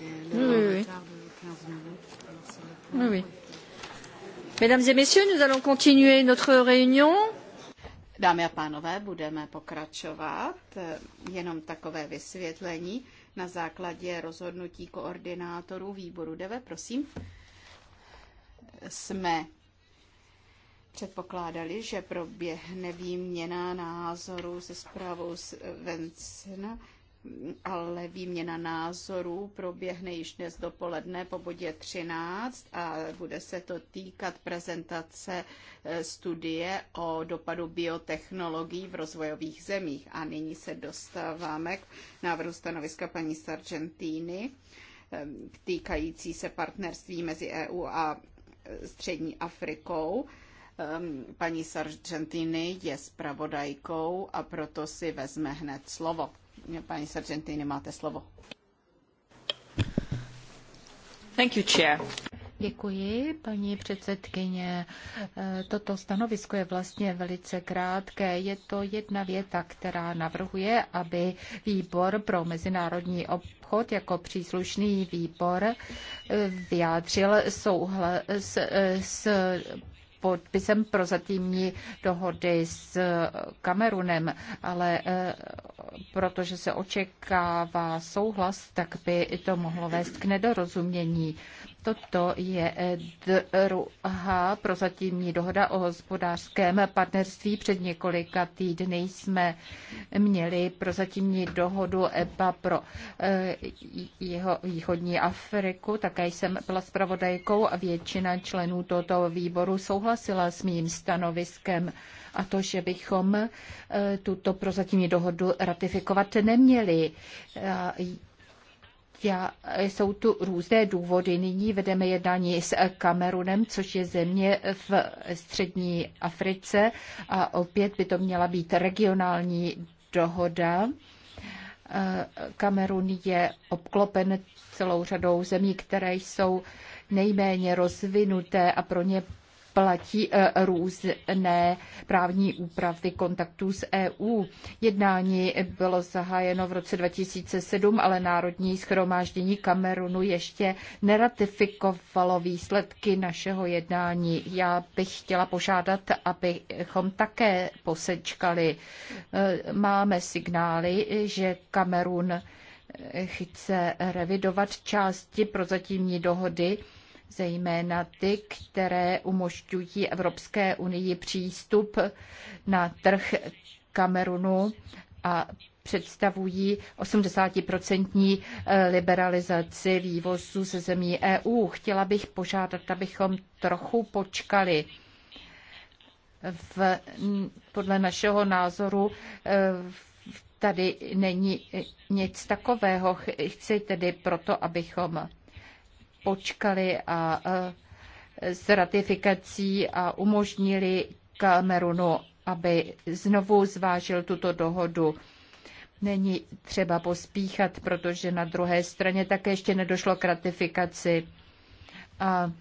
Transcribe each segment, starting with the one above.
Oui, oui. oui, oui. Mesdames et messieurs, nous allons continuer notre réunion. Dámy a pánové, budeme pokračovat. Jenom takové vysvětlení na základě rozhodnutí koordinátorů výboru DEVE, prosím. Jsme předpokládali, že proběhne výměna názorů se zprávou Svencena ale výměna názorů proběhne již dnes dopoledne po bodě 13 a bude se to týkat prezentace e, studie o dopadu biotechnologií v rozvojových zemích. A nyní se dostáváme k návrhu stanoviska paní Sargentini e, týkající se partnerství mezi EU a e, střední Afrikou. Paní Sargentini je zpravodajkou a proto si vezme hned slovo. Paní Sargentini, máte slovo. Thank you, chair. Děkuji, paní předsedkyně. Eh, toto stanovisko je vlastně velice krátké. Je to jedna věta, která navrhuje, aby výbor pro mezinárodní obchod jako příslušný výbor eh, vyjádřil souhlas eh, s podpisem prozatímní dohody s Kamerunem, ale eh, protože se očekává souhlas, tak by to mohlo vést k nedorozumění. Toto je eh, druhá prozatímní dohoda o hospodářském partnerství. Před několika týdny jsme měli prozatímní dohodu EPA pro eh, jeho východní Afriku. Také jsem byla zpravodajkou a většina členů tohoto výboru souhlasila s mým stanoviskem a to, že bychom eh, tuto prozatímní dohodu ratifikovat neměli. Já, eh, jsou tu různé důvody. Nyní vedeme jednání s Kamerunem, což je země v střední Africe a opět by to měla být regionální dohoda. Eh, Kamerun je obklopen celou řadou zemí, které jsou nejméně rozvinuté a pro ně platí eh, různé právní úpravy kontaktů s EU. Jednání bylo zahájeno v roce 2007, ale Národní schromáždění Kamerunu ještě neratifikovalo výsledky našeho jednání. Já bych chtěla požádat, abychom také posečkali. Eh, máme signály, že Kamerun chce revidovat části prozatímní dohody zejména ty, které umožňují Evropské unii přístup na trh Kamerunu a představují 80% eh, liberalizaci vývozu ze zemí EU. Chtěla bych požádat, abychom trochu počkali. V, podle našeho názoru eh, tady není eh, nic takového. Chci tedy proto, abychom počkali a s ratifikací a umožnili Kamerunu, aby znovu zvážil tuto dohodu. Není třeba pospíchat, protože na druhé straně také ještě nedošlo k ratifikaci. A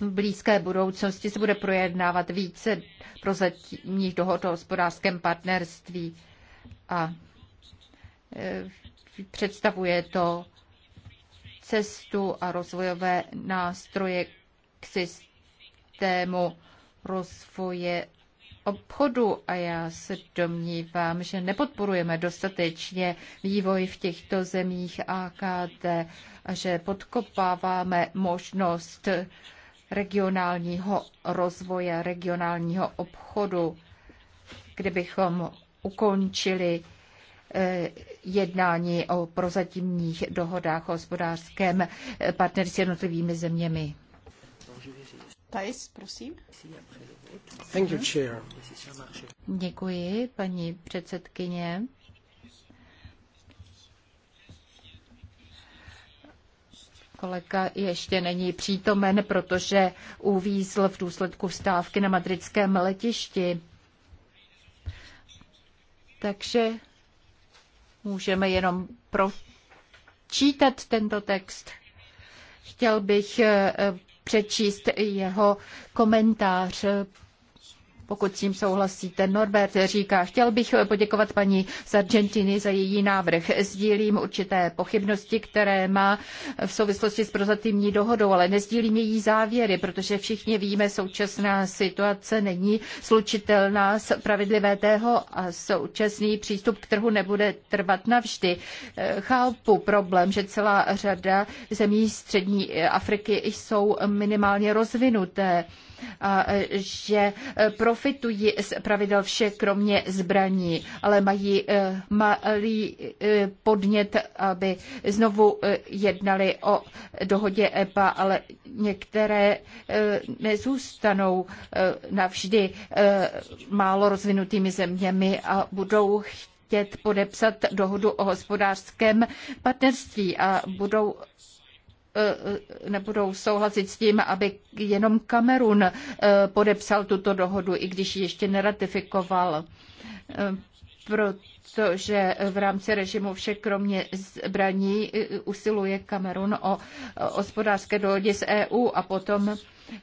v blízké budoucnosti se bude projednávat více prozatímních dohod o hospodářském partnerství. A e, Představuje to cestu a rozvojové nástroje k systému rozvoje obchodu a já se domnívám, že nepodporujeme dostatečně vývoj v těchto zemích AKT a že podkopáváme možnost regionálního rozvoje, regionálního obchodu, kdybychom ukončili jednání o prozatímních dohodách o hospodářském partnerství s jednotlivými zeměmi. Thais, prosím. Thank you, chair. Děkuji, paní předsedkyně. kolega ještě není přítomen, protože uvízl v důsledku stávky na madridském letišti. Takže Můžeme jenom pročítat tento text. Chtěl bych eh, přečíst jeho komentář pokud s tím souhlasíte, Norbert říká, chtěl bych poděkovat paní Sargentini za její návrh. Sdílím určité pochybnosti, které má v souvislosti s prozatímní dohodou, ale nezdílím její závěry, protože všichni víme, současná situace není slučitelná s pravidly VTO a současný přístup k trhu nebude trvat navždy. Chápu problém, že celá řada zemí střední Afriky jsou minimálně rozvinuté že e, profitují z pravidel vše, kromě zbraní, ale mají e, malý e, podnět, aby znovu jednali o dohodě EPA, ale některé nezůstanou navždy málo rozvinutými zeměmi a budou chtět podepsat dohodu o hospodářském partnerství a budou Eh, nebudou souhlasit s tím, aby jenom Kamerun eh, podepsal tuto dohodu, i když ji ještě neratifikoval. Eh, protože v rámci režimu vše kromě zbraní usiluje Kamerun o hospodářské dohodě s EU a potom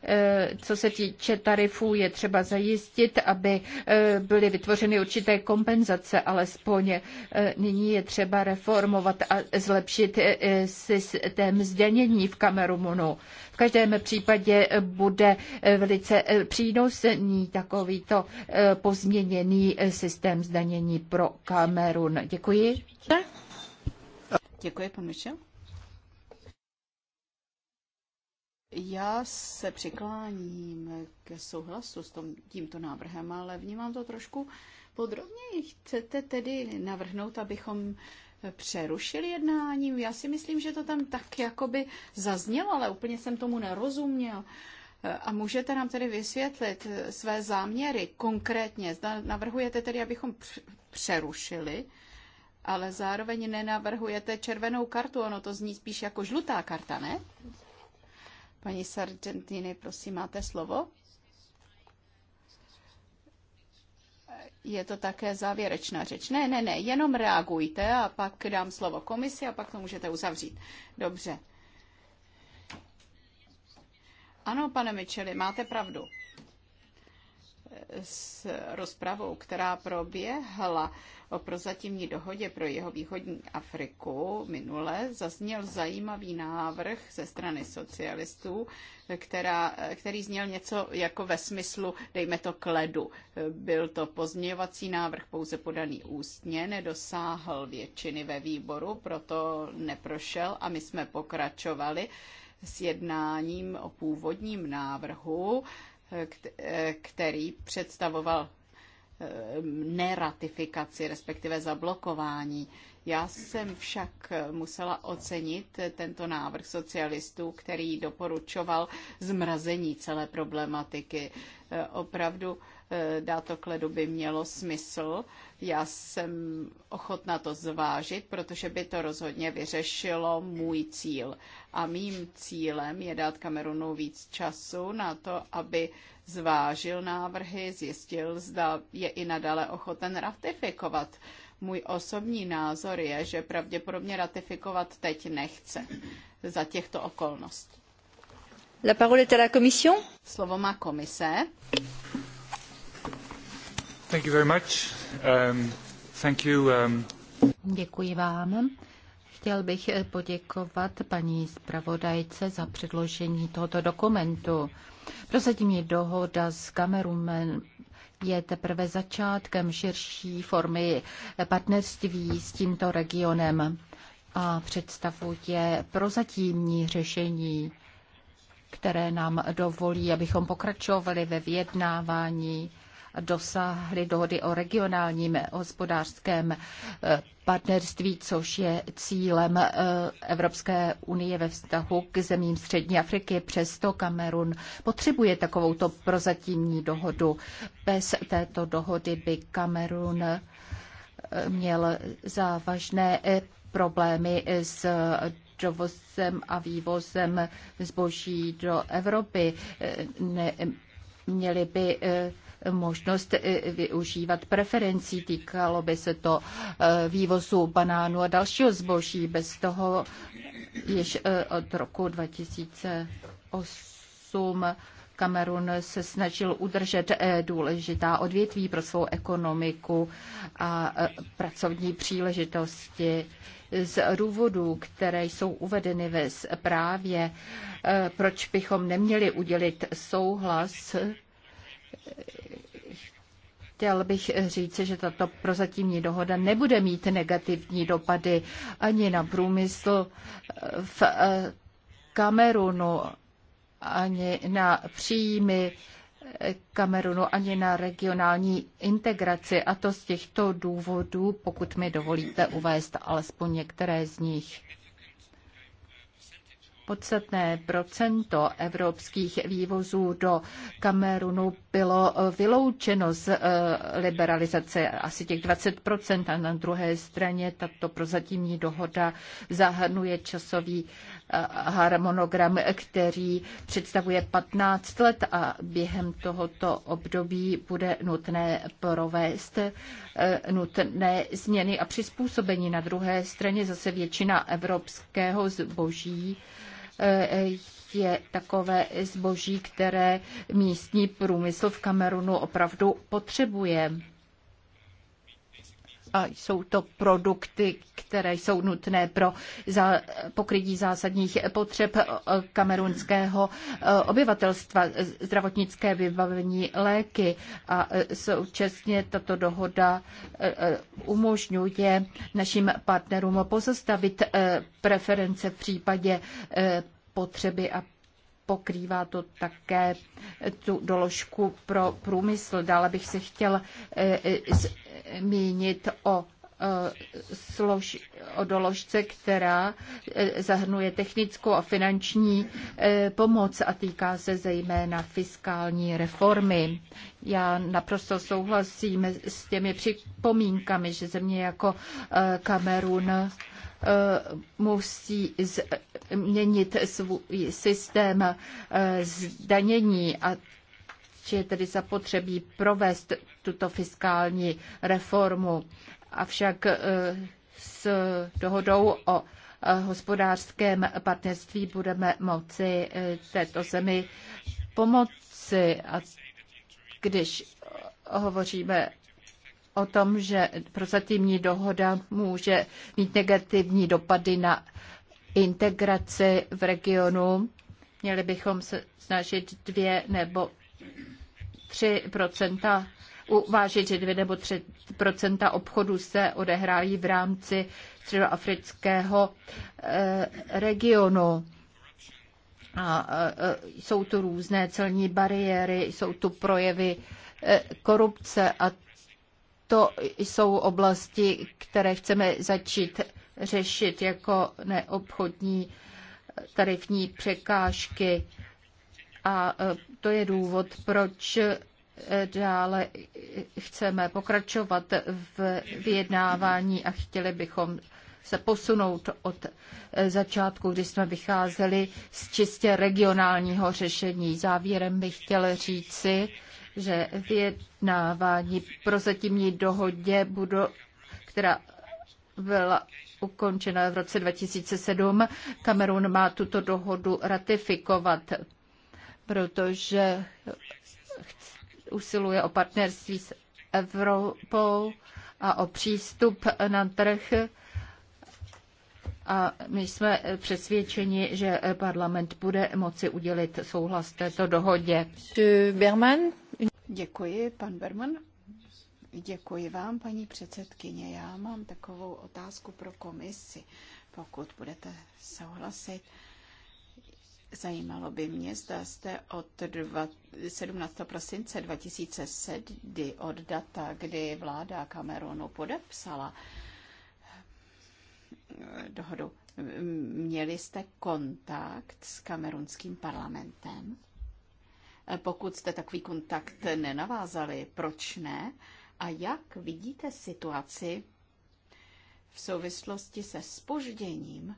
Eh, co se týče tarifů, je třeba zajistit, aby eh, byly vytvořeny určité kompenzace, alespoň eh, nyní je třeba reformovat a zlepšit systém zdanění v Kamerunu. V každém případě bude velice přínosný takovýto pozměněný systém zdanění pro Kamerun. Děkuji. Děkuji, pan Michel. Já se přikláním ke souhlasu s tom, tímto návrhem, ale vnímám to trošku podrobněji. Chcete tedy navrhnout, abychom přerušili jednáním? Já si myslím, že to tam tak jakoby zaznělo, ale úplně jsem tomu nerozuměl. A můžete nám tedy vysvětlit své záměry konkrétně? Navrhujete tedy, abychom přerušili, ale zároveň nenavrhujete červenou kartu, ono to zní spíš jako žlutá karta, ne? Paní Sargentini, prosím, máte slovo? Je to také závěrečná řeč. Ne, ne, ne, jenom reagujte a pak dám slovo komisi a pak to můžete uzavřít. Dobře. Ano, pane Micheli, máte pravdu s rozpravou, která proběhla o prozatímní dohodě pro jeho východní Afriku minule, zazněl zajímavý návrh ze strany socialistů, která, který zněl něco jako ve smyslu, dejme to kledu. Byl to pozměňovací návrh pouze podaný ústně, nedosáhl většiny ve výboru, proto neprošel a my jsme pokračovali s jednáním o původním návrhu který představoval eh, neratifikaci, respektive zablokování. Já jsem však musela ocenit tento návrh socialistů, který doporučoval zmrazení celé problematiky. Eh, opravdu Eh, dát to ledu by mělo smysl. Já jsem ochotna to zvážit, protože by to rozhodně vyřešilo můj cíl. A mým cílem je dát Kamerunu víc času na to, aby zvážil návrhy, zjistil, zda je i nadále ochoten ratifikovat. Můj osobní názor je, že pravděpodobně ratifikovat teď nechce za těchto okolností. La parole est à la commission. Slovo má komise. Thank you very much. Um, thank you, um... Děkuji vám. Chtěl bych poděkovat paní zpravodajce za předložení tohoto dokumentu. Prozatímní dohoda s Kamerunem je teprve začátkem širší formy partnerství s tímto regionem a představuje prozatímní řešení, které nám dovolí, abychom pokračovali ve vyjednávání dosáhli dohody o regionálním hospodářském eh, partnerství, což je cílem eh, Evropské unie ve vztahu k zemím Střední Afriky. Přesto Kamerun potřebuje takovouto prozatímní dohodu. Bez této dohody by Kamerun eh, měl závažné problémy s dovozem a vývozem zboží do Evropy. Ne, měli by možnost eh, využívat preferencí. Týkalo by se to eh, vývozu banánů a dalšího zboží. Bez toho již eh, od roku 2008 Kamerun se snažil udržet důležitá odvětví pro svou ekonomiku a pracovní příležitosti. Z důvodů, které jsou uvedeny ve zprávě, proč bychom neměli udělit souhlas Chtěl bych říct, že tato prozatímní dohoda nebude mít negativní dopady ani na průmysl v eh, Kamerunu, ani na příjmy Kamerunu, ani na regionální integraci. A to z těchto důvodů, pokud mi dovolíte uvést alespoň některé z nich podstatné procento evropských vývozů do Kamerunu bylo eh, vyloučeno z eh, liberalizace, asi těch 20%, a na druhé straně tato prozatímní dohoda zahrnuje časový eh, harmonogram, který představuje 15 let a během tohoto období bude nutné provést nutné změny a přizpůsobení. Na druhé straně zase většina evropského zboží je takové zboží, které místní průmysl v Kamerunu opravdu potřebuje a jsou to produkty, které jsou nutné pro pokrytí zásadních potřeb eh, kamerunského eh, obyvatelstva, zdravotnické vybavení, léky a eh, současně tato dohoda umožňuje našim partnerům pozastavit preference v případě potřeby a pokrývá to také tu doložku pro průmysl. Dále bych se chtěl eh, eh, zmínit o slož, o doložce, která eh, zahrnuje technickou a finanční eh, pomoc a týká se zejména fiskální reformy. Já naprosto souhlasím s těmi připomínkami, že země jako eh, Kamerun musí změnit svůj systém zdanění a či je tedy zapotřebí provést tuto fiskální reformu. Avšak eh, s dohodou o eh, hospodářském partnerství budeme moci eh, této zemi pomoci. A když hovoříme o tom, že prozatímní dohoda může mít negativní dopady na integraci v regionu, měli bychom se snažit dvě nebo 3 uvážit, že 2 nebo 3 obchodu se odehrájí v rámci středoafrického eh, regionu. A eh, eh, jsou tu různé celní bariéry, jsou tu projevy korupce a to jsou oblasti, které chceme začít řešit jako neobchodní tarifní překážky. A to je důvod, proč Dále chceme pokračovat v vyjednávání a chtěli bychom se posunout od začátku, kdy jsme vycházeli z čistě regionálního řešení. Závěrem bych chtěl říci, že vyjednávání prozatímní dohodě, budu, která byla ukončena v roce 2007, Kamerun má tuto dohodu ratifikovat, protože usiluje o partnerství s Evropou a o přístup na trh. A my jsme přesvědčeni, že parlament bude moci udělit souhlas této dohodě. Berman. Děkuji, pan Berman. Děkuji vám, paní předsedkyně. Já mám takovou otázku pro komisi, pokud budete souhlasit. Zajímalo by mě, zda jste od dva, 17. prosince 2007, od data, kdy vláda Kamerunu podepsala eh, dohodu, měli jste kontakt s kamerunským parlamentem? Eh, pokud jste takový kontakt nenavázali, proč ne? A jak vidíte situaci v souvislosti se spožděním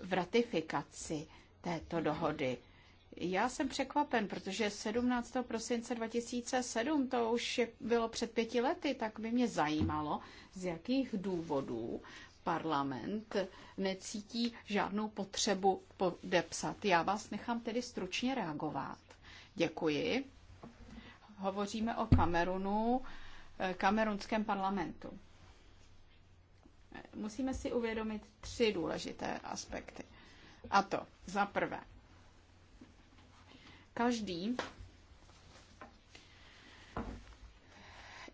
v ratifikaci této dohody. Já jsem překvapen, protože 17. prosince 2007, to už je, bylo před pěti lety, tak by mě zajímalo, z jakých důvodů parlament necítí žádnou potřebu podepsat. Já vás nechám tedy stručně reagovat. Děkuji. Hovoříme o Kamerunu, eh, kamerunském parlamentu musíme si uvědomit tři důležité aspekty. A to za prvé, každý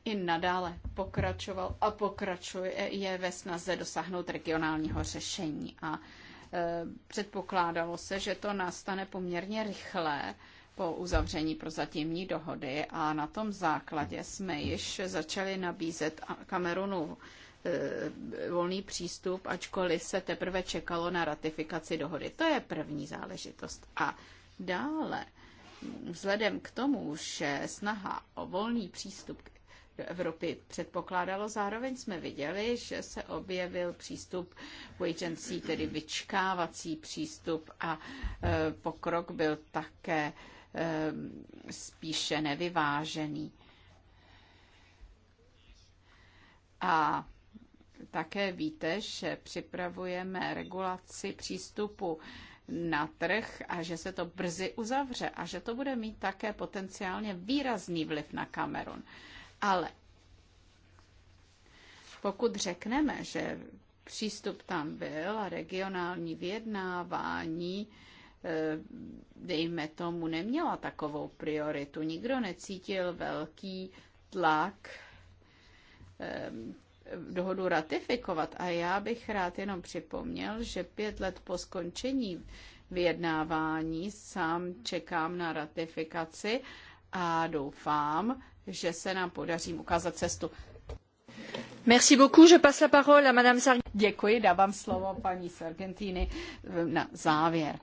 i nadále pokračoval a pokračuje je ve snaze dosáhnout regionálního řešení. A e, předpokládalo se, že to nastane poměrně rychle po uzavření prozatímní dohody a na tom základě jsme již začali nabízet Kamerunu Eh, volný přístup, ačkoliv se teprve čekalo na ratifikaci dohody. To je první záležitost. A dále, vzhledem k tomu, že snaha o volný přístup do Evropy předpokládalo. Zároveň jsme viděli, že se objevil přístup wait tedy vyčkávací přístup a eh, pokrok byl také eh, spíše nevyvážený. A také víte, že připravujeme regulaci přístupu na trh a že se to brzy uzavře a že to bude mít také potenciálně výrazný vliv na Kamerun. Ale pokud řekneme, že přístup tam byl a regionální vyjednávání, eh, dejme tomu, neměla takovou prioritu. Nikdo necítil velký tlak eh, dohodu ratifikovat. A já bych rád jenom připomněl, že pět let po skončení vyjednávání sám čekám na ratifikaci a doufám, že se nám podaří ukázat cestu. Merci beaucoup, je passe la parole à Madame Sargentini. Děkuji, dávám slovo paní Sargentini na závěr.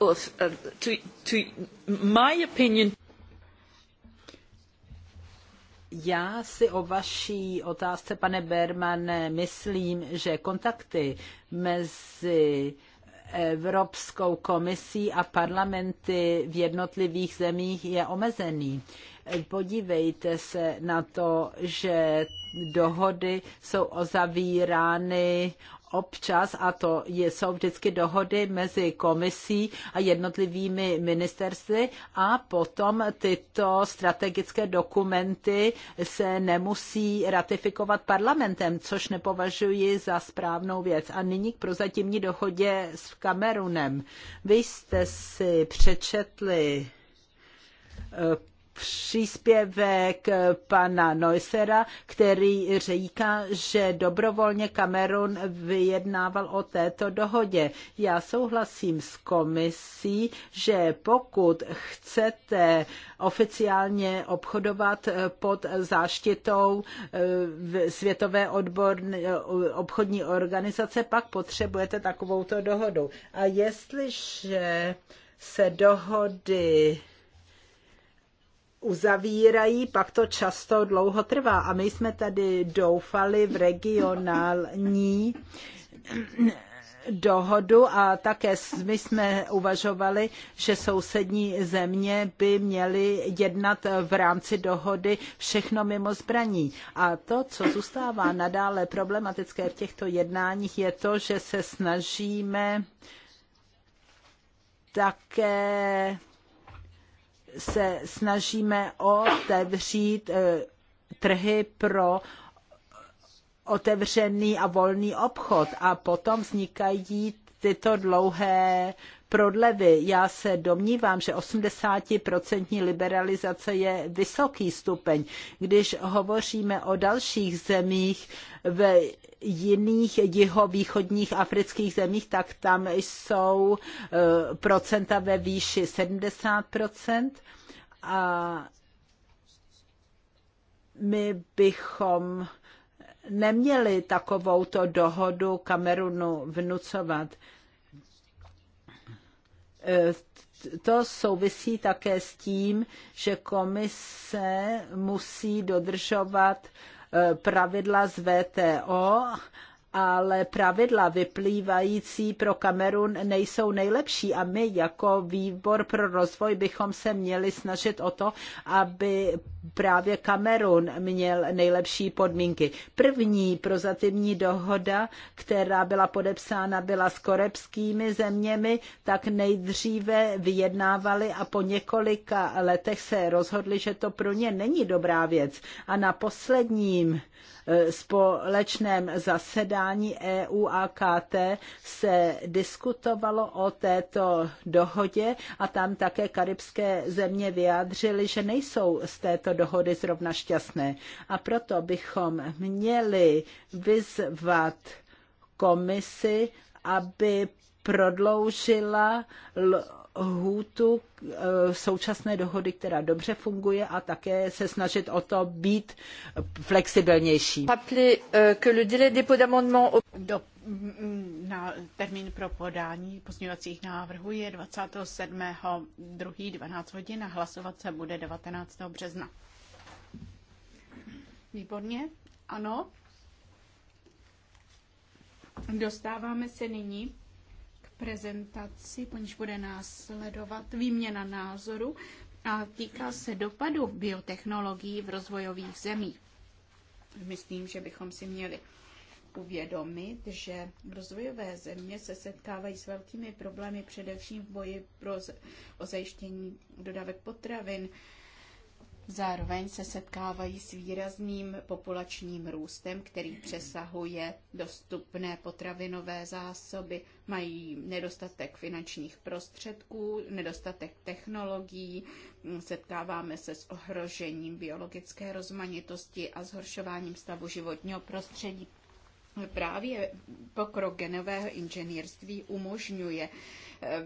Uh, uh, to, to my opinion já si o vaší otázce, pane Berman, myslím, že kontakty mezi Evropskou komisí a parlamenty v jednotlivých zemích je omezený. Podívejte se na to, že dohody jsou ozavírány občas, a to jsou vždycky dohody mezi komisí a jednotlivými ministerstvy a potom tyto strategické dokumenty se nemusí ratifikovat parlamentem, což nepovažuji za správnou věc. A nyní k prozatímní dohodě s Kamerunem. Vy jste si přečetli eh, příspěvek pana Neusera, který říká, že dobrovolně Kamerun vyjednával o této dohodě. Já souhlasím s komisí, že pokud chcete oficiálně obchodovat pod záštitou eh, Světové odborné, eh, obchodní organizace, pak potřebujete takovouto dohodu. A jestliže se dohody uzavírají, pak to často dlouho trvá. A my jsme tady doufali v regionální dohodu a také my jsme uvažovali, že sousední země by měly jednat v rámci dohody všechno mimo zbraní. A to, co zůstává nadále problematické v těchto jednáních, je to, že se snažíme také se snažíme otevřít eh, trhy pro otevřený a volný obchod a potom vznikají tyto dlouhé prodlevy. Já se domnívám, že 80% liberalizace je vysoký stupeň. Když hovoříme o dalších zemích v jiných jihovýchodních afrických zemích, tak tam jsou eh, procenta ve výši 70%. A my bychom neměli takovouto dohodu Kamerunu vnucovat to souvisí také s tím, že komise musí dodržovat eh, pravidla z VTO ale pravidla vyplývající pro Kamerun nejsou nejlepší a my jako výbor pro rozvoj bychom se měli snažit o to, aby právě Kamerun měl nejlepší podmínky. První prozatímní dohoda, která byla podepsána, byla s korepskými zeměmi, tak nejdříve vyjednávali a po několika letech se rozhodli, že to pro ně není dobrá věc. A na posledním Eh, společném zasedání EU a KT se diskutovalo o této dohodě a tam také karibské země vyjádřily, že nejsou z této dohody zrovna šťastné. A proto bychom měli vyzvat komisi, aby prodloužila hůtu eh, současné dohody, která dobře funguje a také se snažit o to být flexibilnější. Eh, Do, mm, na termín pro podání pozměňovacích návrhů je 27. 2. 12 hodin a hlasovat se bude 19. března. Výborně, ano. Dostáváme se nyní prezentaci, po níž bude následovat výměna názoru a týká se dopadu biotechnologií v rozvojových zemích. Myslím, že bychom si měli uvědomit, že rozvojové země se setkávají s velkými problémy především v boji pro, o zajištění dodávek potravin, Zároveň se setkávají s výrazným populačním růstem, který přesahuje dostupné potravinové zásoby, mají nedostatek finančních prostředků, nedostatek technologií, setkáváme se s ohrožením biologické rozmanitosti a zhoršováním stavu životního prostředí právě pokrok genového inženýrství umožňuje eh,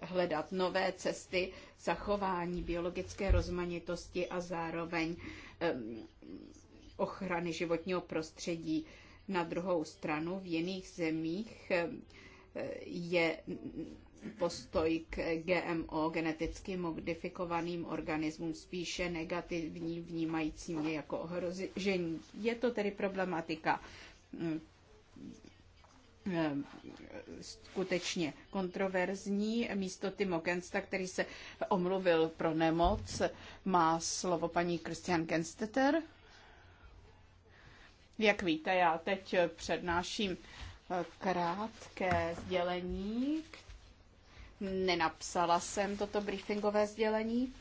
hledat nové cesty zachování biologické rozmanitosti a zároveň eh, ochrany životního prostředí. Na druhou stranu v jiných zemích eh, je postoj k GMO, geneticky modifikovaným organismům, spíše negativní, vnímajícím je jako ohrožení. Je to tedy problematika Eh, skutečně kontroverzní. Místo Timo Gensta, který se omluvil pro nemoc, má slovo paní Christian Gensteter. Jak víte, já teď přednáším eh, krátké sdělení. Nenapsala jsem toto briefingové sdělení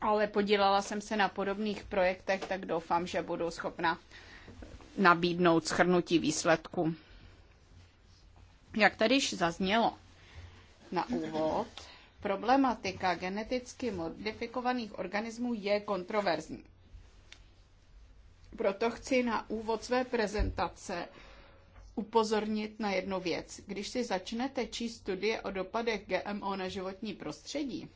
ale podílela jsem se na podobných projektech, tak doufám, že budu schopna nabídnout schrnutí výsledku. Jak tady již zaznělo na úvod, problematika geneticky modifikovaných organismů je kontroverzní. Proto chci na úvod své prezentace upozornit na jednu věc. Když si začnete číst studie o dopadech GMO na životní prostředí,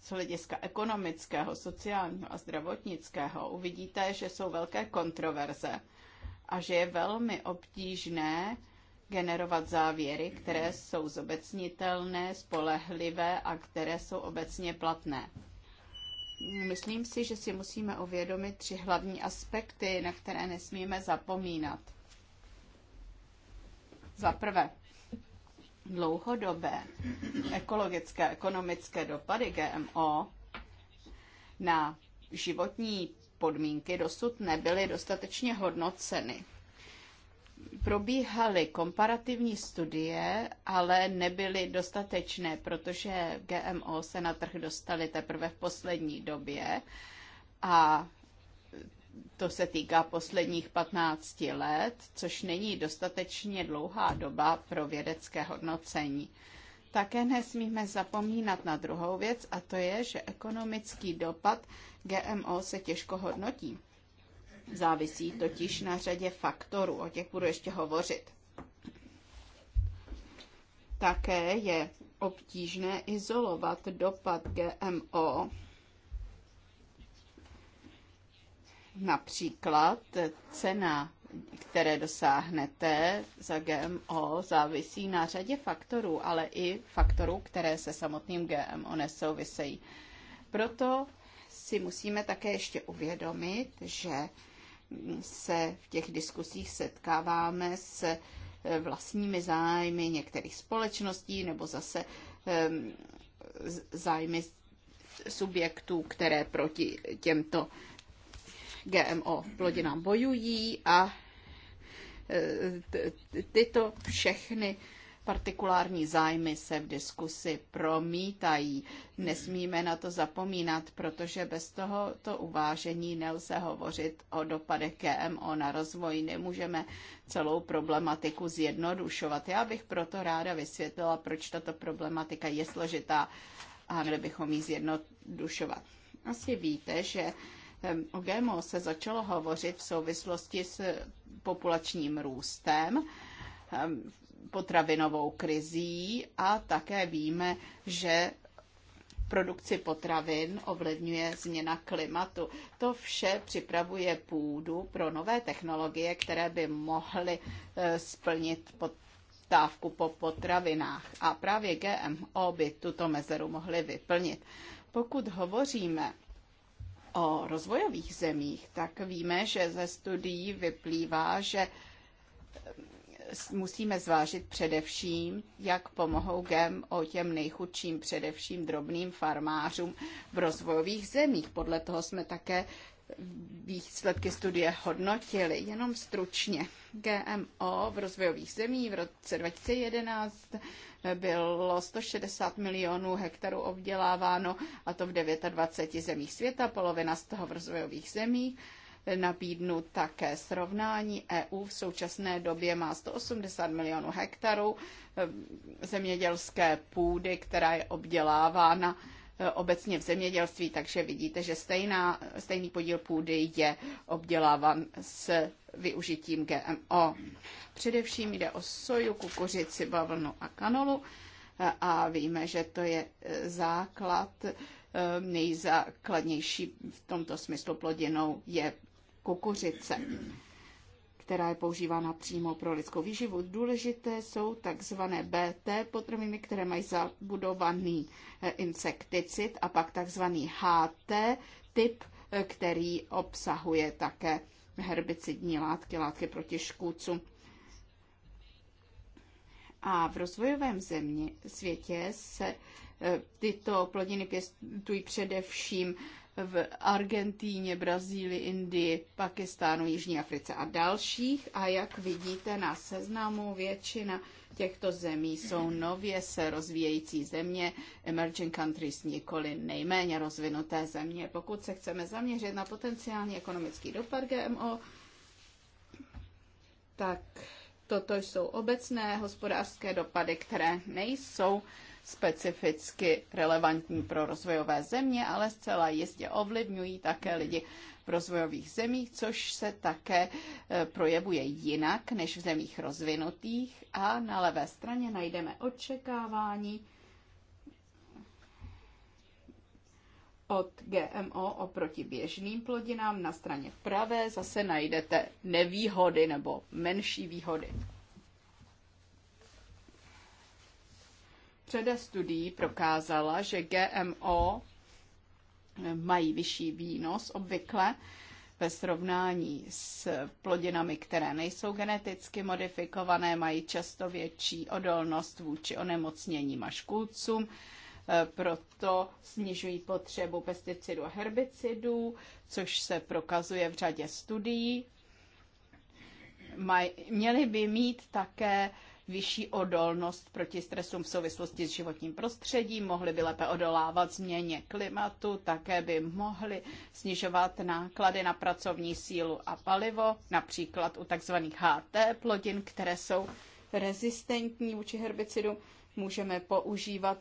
z hlediska ekonomického, sociálního a zdravotnického, uvidíte, že jsou velké kontroverze a že je velmi obtížné generovat závěry, které jsou zobecnitelné, spolehlivé a které jsou obecně platné. Myslím si, že si musíme uvědomit tři hlavní aspekty, na které nesmíme zapomínat. Za prvé, dlouhodobé ekologické ekonomické dopady GMO na životní podmínky dosud nebyly dostatečně hodnoceny. Probíhaly komparativní studie, ale nebyly dostatečné, protože GMO se na trh dostaly teprve v poslední době a to se týká posledních 15 let, což není dostatečně dlouhá doba pro vědecké hodnocení. Také nesmíme zapomínat na druhou věc, a to je, že ekonomický dopad GMO se těžko hodnotí. Závisí totiž na řadě faktorů, o těch budu ještě hovořit. Také je obtížné izolovat dopad GMO Například cena, které dosáhnete za GMO, závisí na řadě faktorů, ale i faktorů, které se samotným GMO nesouvisejí. Proto si musíme také ještě uvědomit, že se v těch diskusích setkáváme s eh, vlastními zájmy některých společností nebo zase ehm, zájmy subjektů, které proti těmto GMO plodinám bojují a e, tyto všechny partikulární zájmy se v diskusi promítají. Nesmíme na to zapomínat, protože bez tohoto uvážení nelze hovořit o dopadech KMO na rozvoj. Nemůžeme celou problematiku zjednodušovat. Já bych proto ráda vysvětlila, proč tato problematika je složitá a měli bychom ji zjednodušovat. Asi víte, že O GMO se začalo hovořit v souvislosti s populačním růstem, potravinovou krizí a také víme, že produkci potravin ovlivňuje změna klimatu. To vše připravuje půdu pro nové technologie, které by mohly e, splnit pot poptávku po potravinách a právě GMO by tuto mezeru mohly vyplnit. Pokud hovoříme o rozvojových zemích, tak víme, že ze studií vyplývá, že eh, musíme zvážit především, jak pomohou GMO těm nejchudším, především drobným farmářům v rozvojových zemích. Podle toho jsme také výsledky studie hodnotili. Jenom stručně. GMO v rozvojových zemích v roce 2011 bylo 160 milionů hektarů obděláváno, a to v 29 zemích světa, polovina z toho v rozvojových zemích. Nabídnu také srovnání. EU v současné době má 180 milionů hektarů ehm, zemědělské půdy, která je obdělávána ehm, obecně v zemědělství, takže vidíte, že stejná, stejný podíl půdy je obdělávan s využitím GMO. Především jde o soju, kukuřici, bavlnu a kanolu a víme, že to je e, základ, e, nejzákladnější v tomto smyslu plodinou je kukuřice která je používána přímo pro lidskou výživu. Důležité jsou takzvané BT potraviny, které mají zabudovaný e, insekticid a pak takzvaný HT typ, který obsahuje také herbicidní látky, látky proti škůdcům. A v rozvojovém země, světě se e, tyto plodiny pěstují především v Argentíně, Brazílii, Indii, Pakistánu, Jižní Africe a dalších. A jak vidíte na seznamu, většina těchto zemí jsou nově se rozvíjející země, emerging countries nikoli nejméně rozvinuté země. Pokud se chceme zaměřit na potenciální ekonomický dopad GMO, tak toto jsou obecné hospodářské dopady, které nejsou specificky relevantní pro rozvojové země, ale zcela jistě ovlivňují také lidi v rozvojových zemích, což se také e, projevuje jinak než v zemích rozvinutých. A na levé straně najdeme očekávání od GMO oproti běžným plodinám. Na straně pravé zase najdete nevýhody nebo menší výhody. Řada studií prokázala, že GMO mají vyšší výnos obvykle ve srovnání s plodinami, které nejsou geneticky modifikované, mají často větší odolnost vůči onemocněním a škůdcům, eh, proto snižují potřebu pesticidů a herbicidů, což se prokazuje v řadě studií. Maj, měli by mít také vyšší odolnost proti stresům v souvislosti s životním prostředím, mohly by lépe odolávat změně klimatu, také by mohly snižovat náklady na pracovní sílu a palivo, například u tzv. HT plodin, které jsou rezistentní vůči herbicidu, můžeme používat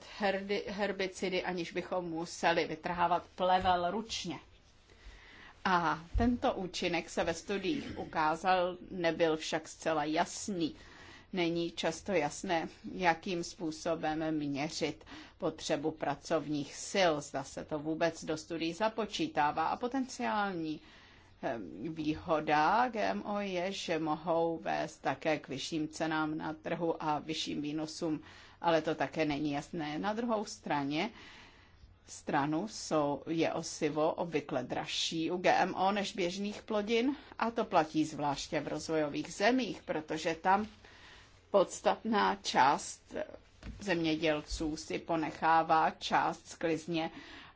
herbicidy, aniž bychom museli vytrhávat plevel ručně. A tento účinek se ve studiích ukázal, nebyl však zcela jasný není často jasné, jakým způsobem měřit potřebu pracovních sil, zda se to vůbec do studií započítává a potenciální ehm, Výhoda GMO je, že mohou vést také k vyšším cenám na trhu a vyšším výnosům, ale to také není jasné. Na druhou straně stranu jsou, je osivo obvykle dražší u GMO než běžných plodin a to platí zvláště v rozvojových zemích, protože tam podstatná část zemědělců si ponechává část sklizně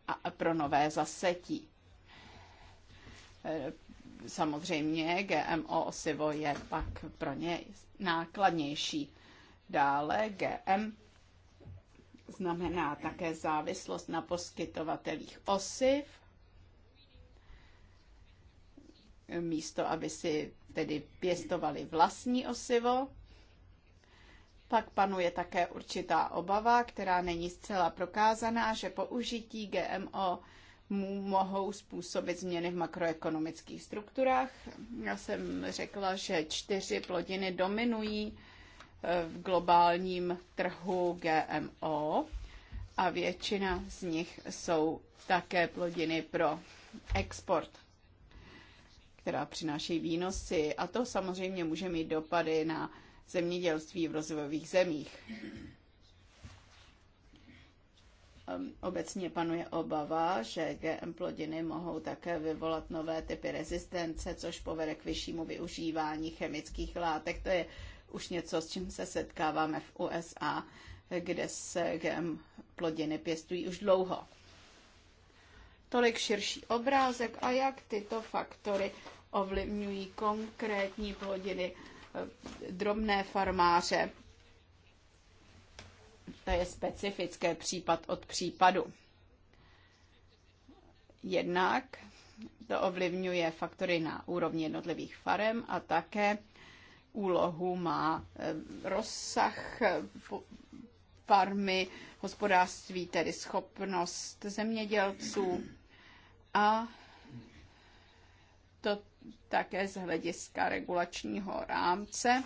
a pro nové zasetí. E, samozřejmě GMO osivo je pak pro ně nákladnější. Dále GM znamená také závislost na poskytovatelích osiv. Místo, aby si tedy pěstovali vlastní osivo, pak panuje také určitá obava, která není zcela prokázaná, že použití GMO mohou způsobit změny v makroekonomických strukturách. Já jsem řekla, že čtyři plodiny dominují eh, v globálním trhu GMO a většina z nich jsou také plodiny pro export, která přináší výnosy. A to samozřejmě může mít dopady na zemědělství v rozvojových zemích. Obecně panuje obava, že GM plodiny mohou také vyvolat nové typy rezistence, což povede k vyššímu využívání chemických látek. To je už něco, s čím se setkáváme v USA, kde se GM plodiny pěstují už dlouho. Tolik širší obrázek a jak tyto faktory ovlivňují konkrétní plodiny drobné farmáře. To je specifické případ od případu. Jednak to ovlivňuje faktory na úrovni jednotlivých farem a také úlohu má eh, rozsah eh, farmy, hospodářství, tedy schopnost zemědělců. A to také z hlediska regulačního rámce,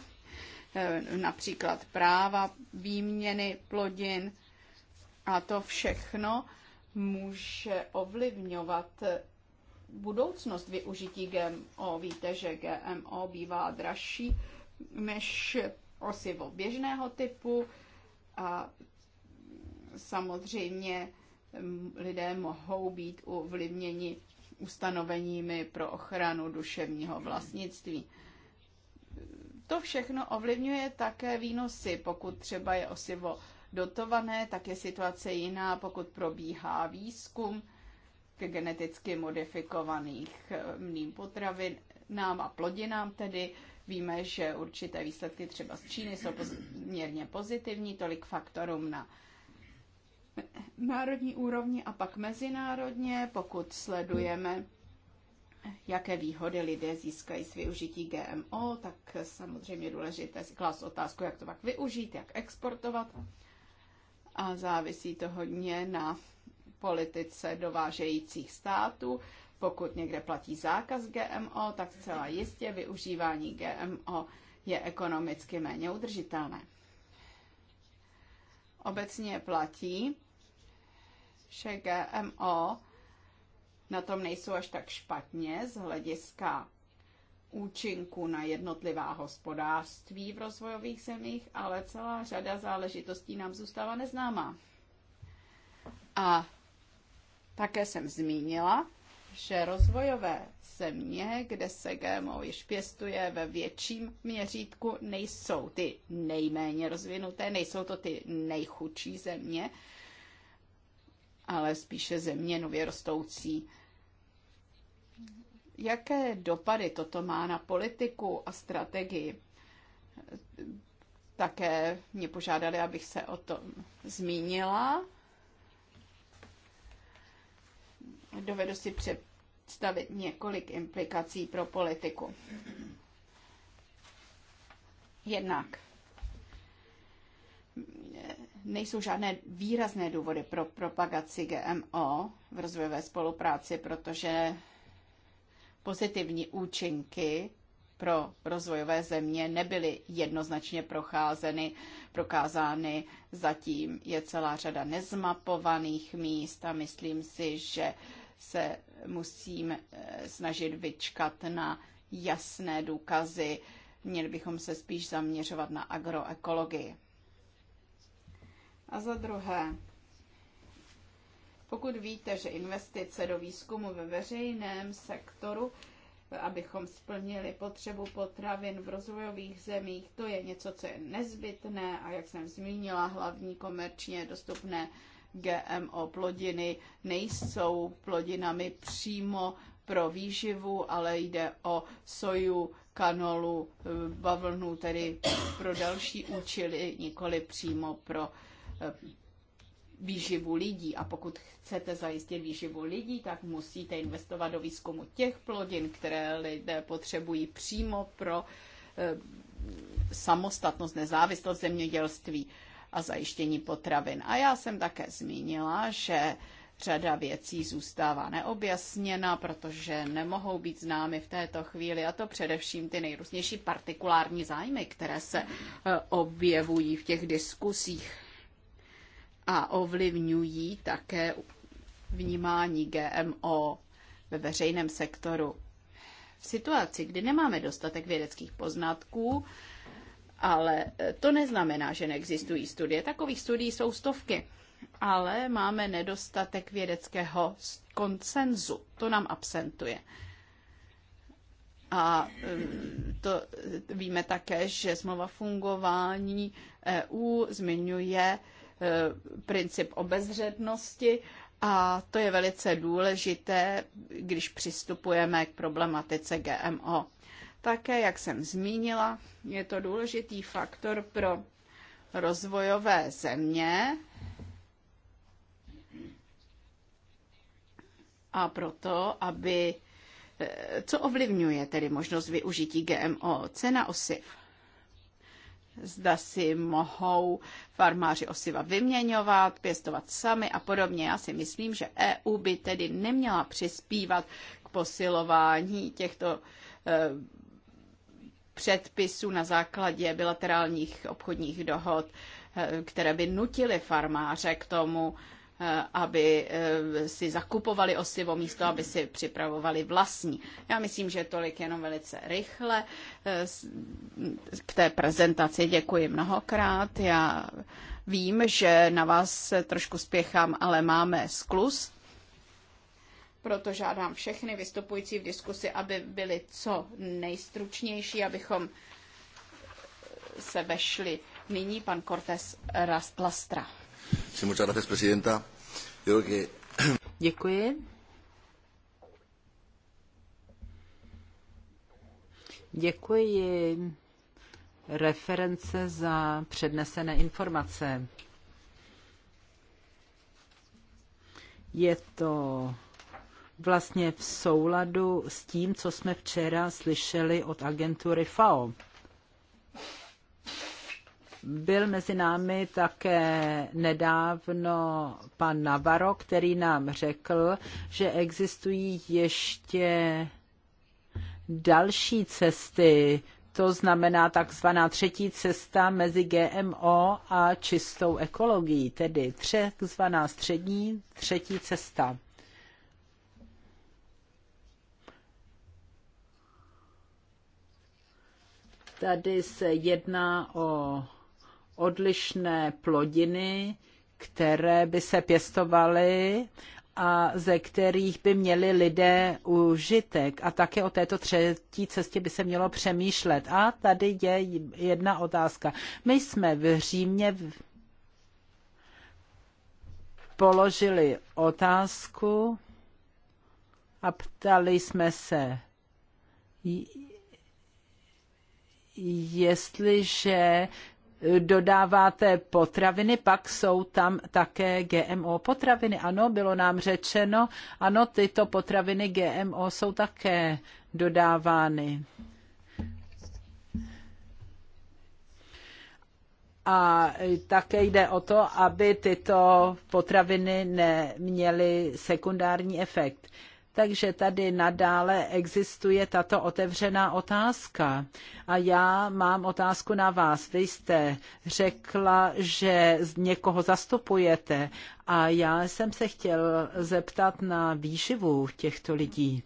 eh, například práva výměny plodin a to všechno může ovlivňovat eh, budoucnost využití GMO. Víte, že GMO bývá dražší než osivo běžného typu a samozřejmě mm, lidé mohou být ovlivněni ustanoveními pro ochranu duševního vlastnictví. To všechno ovlivňuje také výnosy. Pokud třeba je osivo dotované, tak je situace jiná, pokud probíhá výzkum k geneticky modifikovaných eh, mným potravinám a plodinám tedy. Víme, že určité výsledky třeba z Číny jsou poměrně pozitivní, tolik faktorům na národní úrovni a pak mezinárodně, pokud sledujeme, jaké výhody lidé získají z využití GMO, tak samozřejmě je důležité si klást otázku, jak to pak využít, jak exportovat. A závisí to hodně na politice dovážejících států. Pokud někde platí zákaz GMO, tak zcela jistě využívání GMO je ekonomicky méně udržitelné. Obecně platí, že GMO na tom nejsou až tak špatně z hlediska účinku na jednotlivá hospodářství v rozvojových zemích, ale celá řada záležitostí nám zůstává neznámá. A také jsem zmínila, že rozvojové země, kde se GMO již pěstuje ve větším měřítku, nejsou ty nejméně rozvinuté, nejsou to ty nejchudší země, ale spíše země nově rostoucí. Jaké dopady toto má na politiku a strategii? Také mě požádali, abych se o tom zmínila. Dovedu si představit několik implikací pro politiku. Jednak nejsou žádné výrazné důvody pro propagaci GMO v rozvojové spolupráci, protože pozitivní účinky pro rozvojové země nebyly jednoznačně procházeny, prokázány. Zatím je celá řada nezmapovaných míst a myslím si, že se musím eh, snažit vyčkat na jasné důkazy. Měli bychom se spíš zaměřovat na agroekologii. A za druhé, pokud víte, že investice do výzkumu ve veřejném sektoru, abychom splnili potřebu potravin v rozvojových zemích, to je něco, co je nezbytné a jak jsem zmínila, hlavní komerčně dostupné GMO plodiny nejsou plodinami přímo pro výživu, ale jde o soju, kanolu, eh, bavlnu, tedy pro další účely, nikoli přímo pro Eh, výživu lidí. A pokud chcete zajistit výživu lidí, tak musíte investovat do výzkumu těch plodin, které lidé potřebují přímo pro eh, samostatnost, nezávislost zemědělství a zajištění potravin. A já jsem také zmínila, že řada věcí zůstává neobjasněna, protože nemohou být známy v této chvíli, a to především ty nejrůznější partikulární zájmy, které se eh, objevují v těch diskusích a ovlivňují také vnímání GMO ve veřejném sektoru. V situaci, kdy nemáme dostatek vědeckých poznatků, ale to neznamená, že neexistují studie. Takových studií jsou stovky, ale máme nedostatek vědeckého koncenzu. To nám absentuje. A mm, to víme také, že smlouva fungování EU zmiňuje Eh, princip obezřetnosti a to je velice důležité, když přistupujeme k problematice GMO. Také, jak jsem zmínila, je to důležitý faktor pro rozvojové země a proto, aby eh, co ovlivňuje tedy možnost využití GMO? Cena osiv zda si mohou farmáři osiva vyměňovat, pěstovat sami a podobně. Já si myslím, že EU by tedy neměla přispívat k posilování těchto eh, předpisů na základě bilaterálních obchodních dohod, eh, které by nutily farmáře k tomu, Eh, aby eh, si zakupovali osivo místo, aby si připravovali vlastní. Já myslím, že tolik jenom velice rychle eh, k té prezentaci. Děkuji mnohokrát. Já vím, že na vás trošku spěchám, ale máme sklus. Proto žádám všechny vystupující v diskusi, aby byli co nejstručnější, abychom se vešli. Nyní pan Cortés Lastra. Sí, muchas gracias, presidenta. Yo creo que... Děkuji. Děkuji reference za přednesené informace. Je to vlastně v souladu s tím, co jsme včera slyšeli od agentury FAO. Byl mezi námi také nedávno pan Navarro, který nám řekl, že existují ještě další cesty, to znamená takzvaná třetí cesta mezi GMO a čistou ekologií, tedy takzvaná střední třetí cesta. Tady se jedná o odlišné plodiny, které by se pěstovaly a ze kterých by měli lidé užitek. A také o této třetí cestě by se mělo přemýšlet. A tady je jedna otázka. My jsme v Římě položili otázku a ptali jsme se, jestliže dodáváte potraviny, pak jsou tam také GMO potraviny. Ano, bylo nám řečeno, ano, tyto potraviny GMO jsou také dodávány. A také jde o to, aby tyto potraviny neměly sekundární efekt. Takže tady nadále existuje tato otevřená otázka. A já mám otázku na vás. Vy jste řekla, že někoho zastupujete a já jsem se chtěl zeptat na výživu těchto lidí.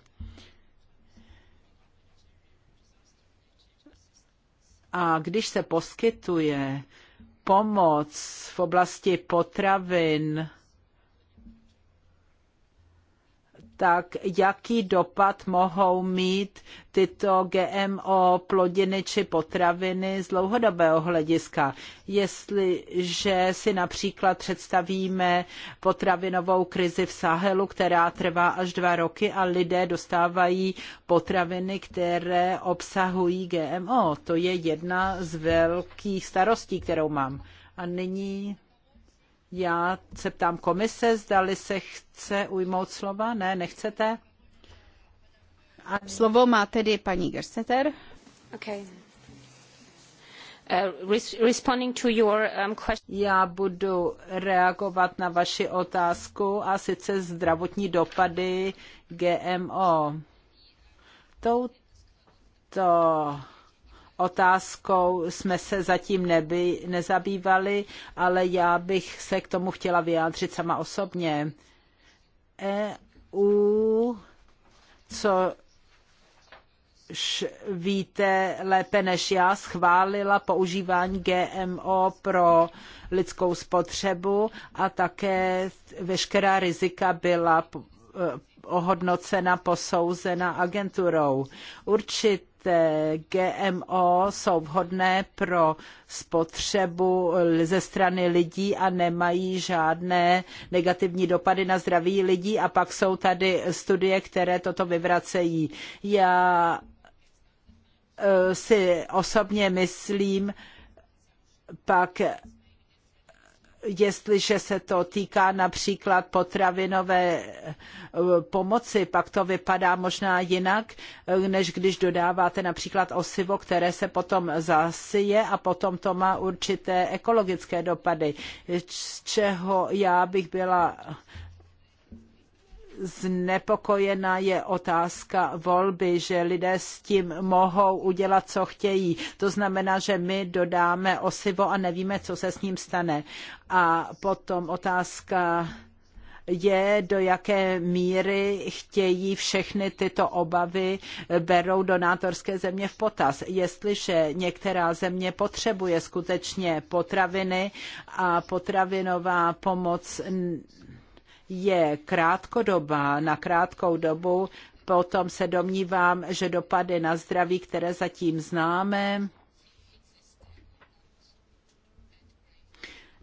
A když se poskytuje pomoc v oblasti potravin, tak jaký dopad mohou mít tyto GMO plodiny či potraviny z dlouhodobého hlediska. Jestliže si například představíme potravinovou krizi v Sahelu, která trvá až dva roky a lidé dostávají potraviny, které obsahují GMO. To je jedna z velkých starostí, kterou mám. A nyní já se ptám komise, zdali se chce ujmout slova. Ne, nechcete? A... Slovo má tedy paní Gersteter. Okay. Uh, responding to your um, question. Já budu reagovat na vaši otázku a sice zdravotní dopady GMO. Touto otázkou jsme se zatím neby, nezabývali, ale já bych se k tomu chtěla vyjádřit sama osobně. EU, co víte lépe než já, schválila používání GMO pro lidskou spotřebu a také veškerá rizika byla Eh, ohodnocena, posouzena agenturou. Určité GMO jsou vhodné pro spotřebu ze strany lidí a nemají žádné negativní dopady na zdraví lidí a pak jsou tady studie, které toto vyvracejí. Já eh, si osobně myslím, pak jestliže se to týká například potravinové eh, pomoci, pak to vypadá možná jinak, eh, než když dodáváte například osivo, které se potom zasije a potom to má určité ekologické dopady, z čeho já bych byla znepokojena je otázka volby, že lidé s tím mohou udělat, co chtějí. To znamená, že my dodáme osivo a nevíme, co se s ním stane. A potom otázka je, do jaké míry chtějí všechny tyto obavy berou donátorské země v potaz. Jestliže některá země potřebuje skutečně potraviny a potravinová pomoc je krátkodobá, na krátkou dobu, potom se domnívám, že dopady na zdraví, které zatím známe,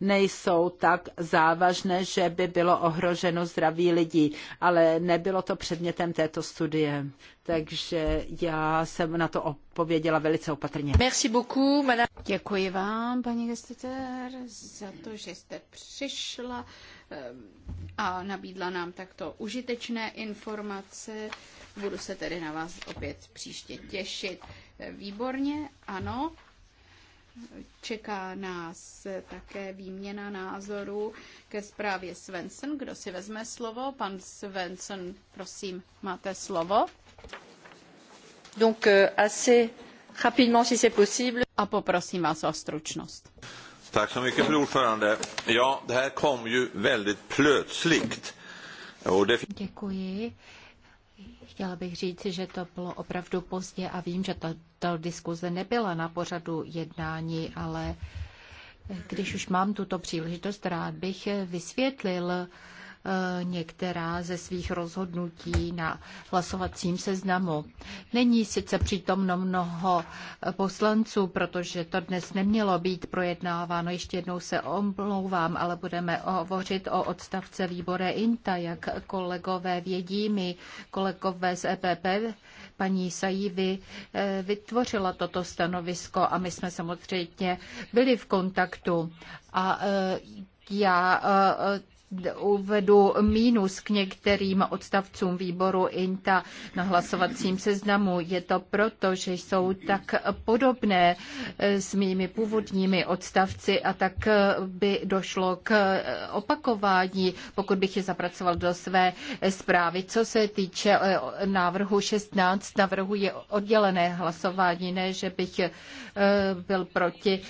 nejsou tak závažné, že by bylo ohroženo zdraví lidí, ale nebylo to předmětem této studie. Takže já jsem na to odpověděla velice opatrně. Merci beaucoup, madame. Děkuji vám, paní Gesteter, za to, že jste přišla a nabídla nám takto užitečné informace. Budu se tedy na vás opět příště těšit. Výborně, ano. Čeká nás také výměna názorů ke zprávě Svensson. Kdo si vezme slovo? Pan Svensson, prosím, máte slovo. Donc, euh, assez rapidement, si c'est possible. A poprosím vás o stručnost. Tack så mycket, fru ordförande. Ja, det här kom ju väldigt plötsligt. Och det... Děkuji. Chtěla bych říct, že to bylo opravdu pozdě a vím, že ta, ta diskuze nebyla na pořadu jednání, ale když už mám tuto příležitost, rád bych vysvětlil Eh, některá ze svých rozhodnutí na hlasovacím seznamu. Není sice přítomno mnoho eh, poslanců, protože to dnes nemělo být projednáváno. Ještě jednou se omlouvám, ale budeme hovořit o odstavce výbore INTA, jak kolegové vědí. My kolegové z EPP paní Sajivy eh, vytvořila toto stanovisko a my jsme samozřejmě byli v kontaktu. A já uvedu mínus k některým odstavcům výboru INTA na hlasovacím seznamu. Je to proto, že jsou tak podobné eh, s mými původními odstavci a tak eh, by došlo k eh, opakování, pokud bych je zapracoval do své zprávy. Co se týče návrhu 16, navrhuji oddělené hlasování, ne, že bych byl proti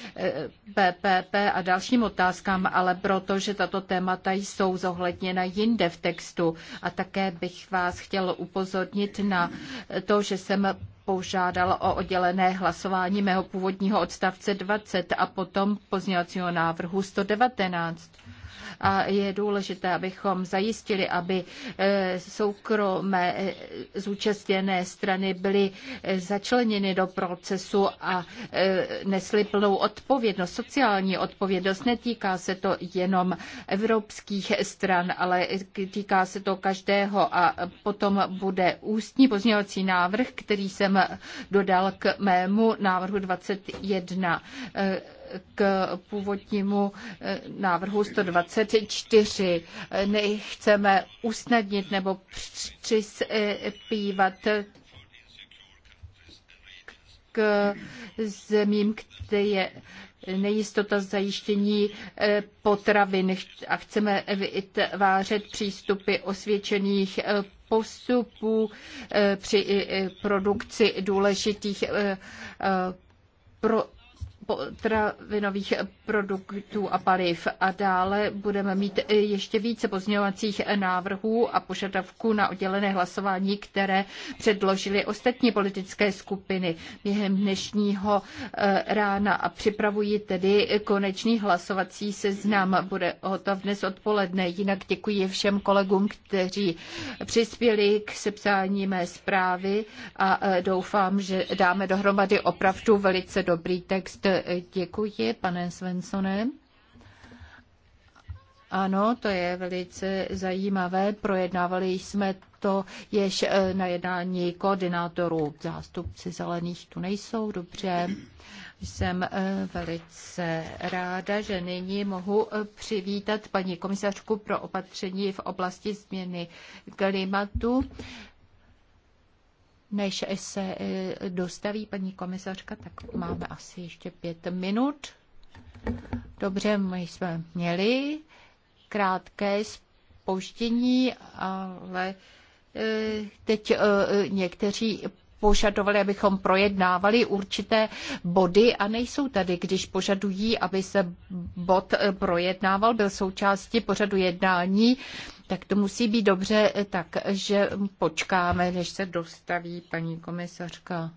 PPP a dalším otázkám, ale proto, že tato témata jsou zohledněna jinde v textu. A také bych vás chtěl upozornit na to, že jsem požádal o oddělené hlasování mého původního odstavce 20 a potom pozněvacího návrhu 119 a je důležité, abychom zajistili, aby eh, soukromé eh, zúčastněné strany byly eh, začleněny do procesu a nesly plnou odpovědnost, sociální odpovědnost. Netýká se to jenom evropských stran, ale týká se to každého a potom bude ústní pozměňovací návrh, který jsem dodal k mému návrhu 21 k původnímu eh, návrhu 124. Nechceme usnadnit nebo přispívat k zemím, kde je nejistota zajištění eh, potravin a chceme vytvářet přístupy osvědčených eh, postupů při produkci důležitých pro potravinových produktů a paliv. A dále budeme mít ještě více pozměňovacích návrhů a požadavků na oddělené hlasování, které předložily ostatní politické skupiny během dnešního eh, rána a připravují tedy konečný hlasovací seznam. Bude hotov dnes odpoledne. Jinak děkuji všem kolegům, kteří přispěli k sepsání mé zprávy a eh, doufám, že dáme dohromady opravdu velice dobrý text Děkuji, pane Svensone. Ano, to je velice zajímavé. Projednávali jsme to jež eh, na jednání koordinátorů. Zástupci zelených tu nejsou, dobře. Jsem eh, velice ráda, že nyní mohu eh, přivítat paní komisařku pro opatření v oblasti změny klimatu. Než se e, dostaví paní komisařka, tak máme asi ještě pět minut. Dobře, my jsme měli krátké spouštění, ale e, teď e, někteří požadovali, abychom projednávali určité body a nejsou tady, když požadují, aby se bod projednával, byl součástí pořadu jednání tak to musí být dobře, eh, takže eh, počkáme, než se dostaví paní komisařka.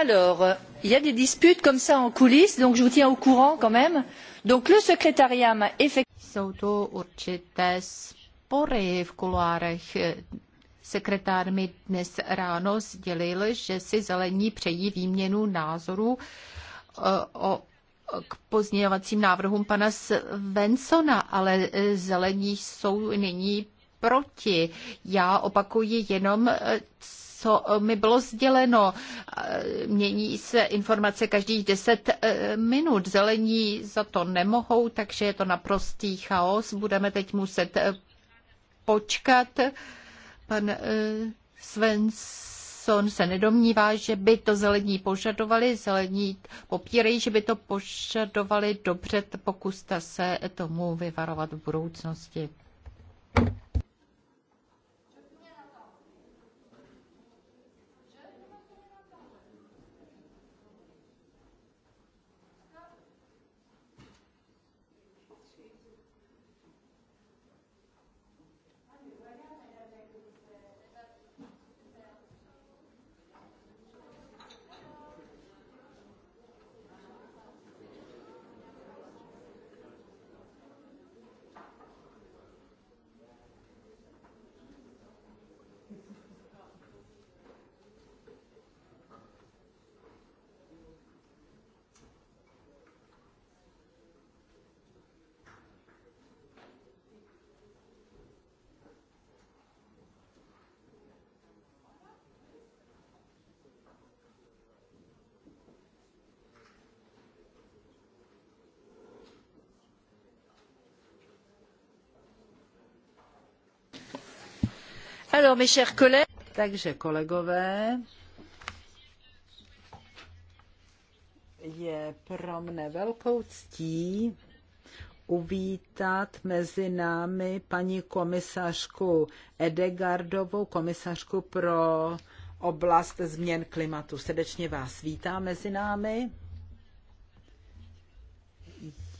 Alors, il y a des disputes comme ça en coulisses, donc je vous tiens au courant quand même. Donc le secrétariat m'a effectivement v Sekretár mi dnes ráno sdělil, že si zelení přejí výměnu názorů eh, o k pozměňovacím návrhům pana Svensona, ale eh, zelení jsou nyní proti. Já opakuji jenom, eh, co eh, mi bylo sděleno. Eh, mění se informace každých deset eh, minut. Zelení za to nemohou, takže je to naprostý chaos. Budeme teď muset počkat. Pan Svensson se nedomnívá, že by to zelení požadovali. Zelení popírají, že by to požadovali. Dobře, pokuste se tomu vyvarovat v budoucnosti. Takže kolegové, je pro mne velkou ctí uvítat mezi námi paní komisařku Edegardovou, komisařku pro oblast změn klimatu. Srdečně vás vítám mezi námi.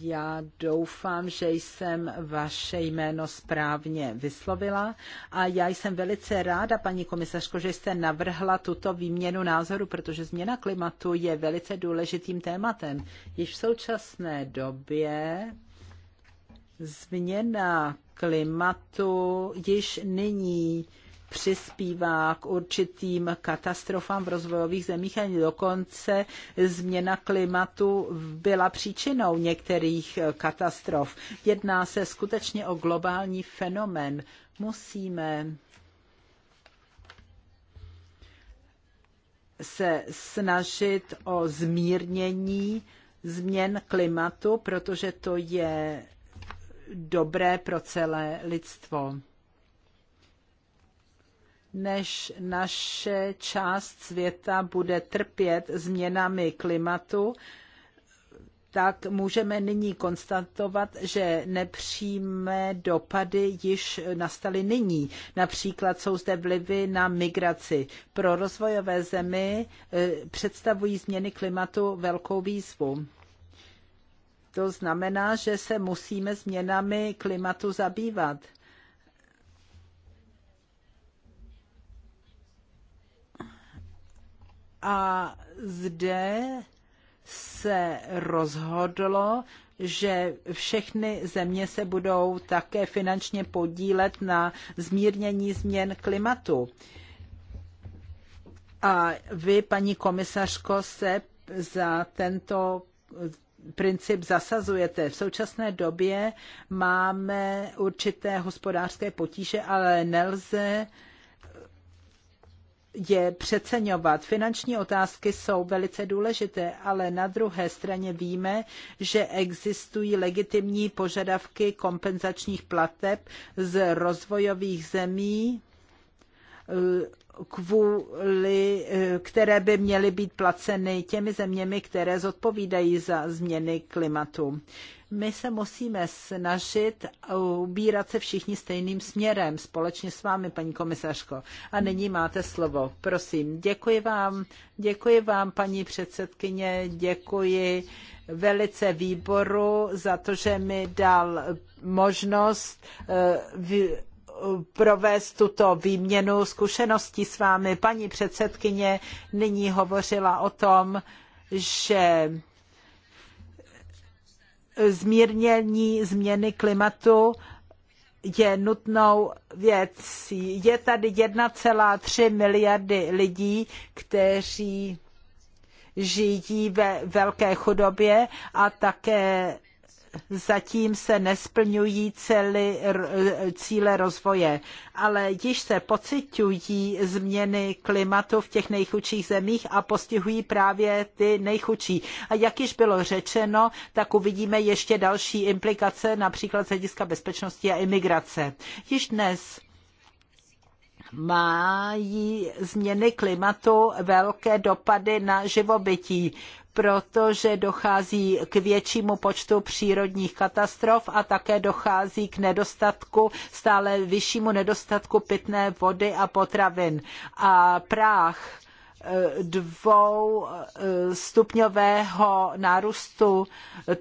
Já doufám, že jsem vaše jméno správně vyslovila a já jsem velice ráda, paní komisařko, že jste navrhla tuto výměnu názoru, protože změna klimatu je velice důležitým tématem. Již v současné době změna klimatu již nyní přispívá k určitým katastrofám v rozvojových zemích a dokonce změna klimatu byla příčinou některých katastrof. Jedná se skutečně o globální fenomén. Musíme se snažit o zmírnění změn klimatu, protože to je dobré pro celé lidstvo než naše část světa bude trpět změnami klimatu, tak můžeme nyní konstatovat, že nepřímé dopady již nastaly nyní. Například jsou zde vlivy na migraci. Pro rozvojové zemi eh, představují změny klimatu velkou výzvu. To znamená, že se musíme změnami klimatu zabývat. A zde se rozhodlo, že všechny země se budou také finančně podílet na zmírnění změn klimatu. A vy, paní komisařko, se za tento princip zasazujete. V současné době máme určité hospodářské potíže, ale nelze uh, je přeceňovat. Finanční otázky jsou velice důležité, ale na druhé straně víme, že existují legitimní požadavky kompenzačních plateb z rozvojových zemí kvůli, eh, které by měly být placeny těmi zeměmi, které zodpovídají za změny klimatu. My se musíme snažit ubírat se všichni stejným směrem, společně s vámi, paní komisařko. A nyní máte slovo. Prosím, děkuji vám, děkuji vám, paní předsedkyně, děkuji velice výboru za to, že mi dal možnost eh, vy provést tuto výměnu zkušeností s vámi. Paní předsedkyně nyní hovořila o tom, že zmírnění změny klimatu je nutnou věcí. Je tady 1,3 miliardy lidí, kteří žijí ve velké chudobě a také zatím se nesplňují cely, cíle rozvoje, ale již se pocitují změny klimatu v těch nejchudších zemích a postihují právě ty nejchudší. A jak již bylo řečeno, tak uvidíme ještě další implikace, například z hlediska bezpečnosti a imigrace. Již dnes mají změny klimatu velké dopady na živobytí protože dochází k většímu počtu přírodních katastrof a také dochází k nedostatku, stále vyššímu nedostatku pitné vody a potravin. A práh eh, dvoustupňového eh, nárůstu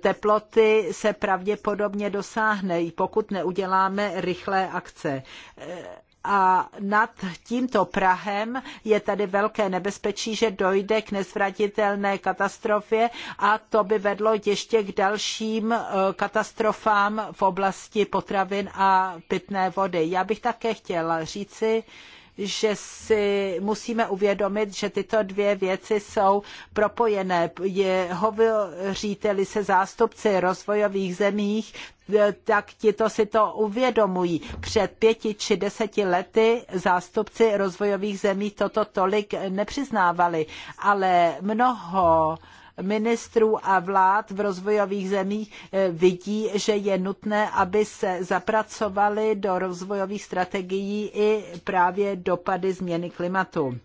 teploty se pravděpodobně dosáhne, pokud neuděláme rychlé akce. Eh, a nad tímto Prahem je tady velké nebezpečí, že dojde k nezvratitelné katastrofě a to by vedlo ještě k dalším e, katastrofám v oblasti potravin a pitné vody. Já bych také chtěla říci, že si musíme uvědomit, že tyto dvě věci jsou propojené. Je, hovoříte-li se zástupci rozvojových zemích, Eh, tak tito si to uvědomují. Před pěti či deseti lety zástupci rozvojových zemí toto tolik nepřiznávali, ale mnoho ministrů a vlád v rozvojových zemích eh, vidí, že je nutné, aby se zapracovaly do rozvojových strategií i právě dopady změny klimatu.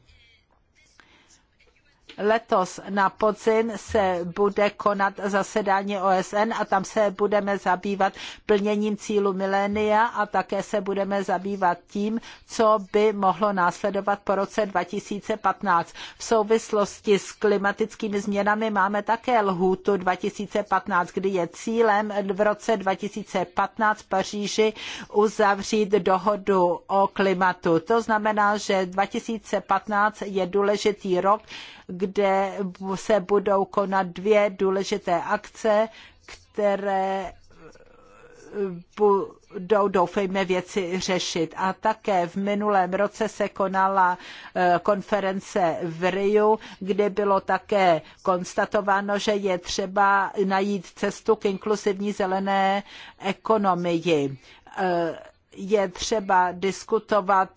Letos na podzim se bude konat zasedání OSN a tam se budeme zabývat plněním cílu milénia a také se budeme zabývat tím, co by mohlo následovat po roce 2015. V souvislosti s klimatickými změnami máme také lhůtu 2015, kdy je cílem v roce 2015 v Paříži uzavřít dohodu o klimatu. To znamená, že 2015 je důležitý rok, kde se budou konat dvě důležité akce, které eh, budou, doufejme, věci řešit. A také v minulém roce se konala eh, konference v Riu, kde bylo také konstatováno, že je třeba najít cestu k inkluzivní zelené ekonomii. Eh, je třeba diskutovat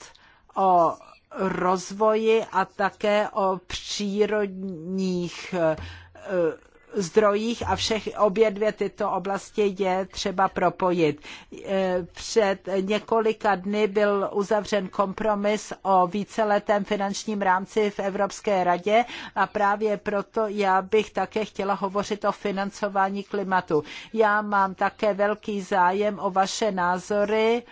o rozvoji a také o přírodních e, e, zdrojích a všech obě dvě tyto oblasti je třeba propojit. E, před několika dny byl uzavřen kompromis o víceletém finančním rámci v Evropské radě a právě proto já bych také chtěla hovořit o financování klimatu. Já mám také velký zájem o vaše názory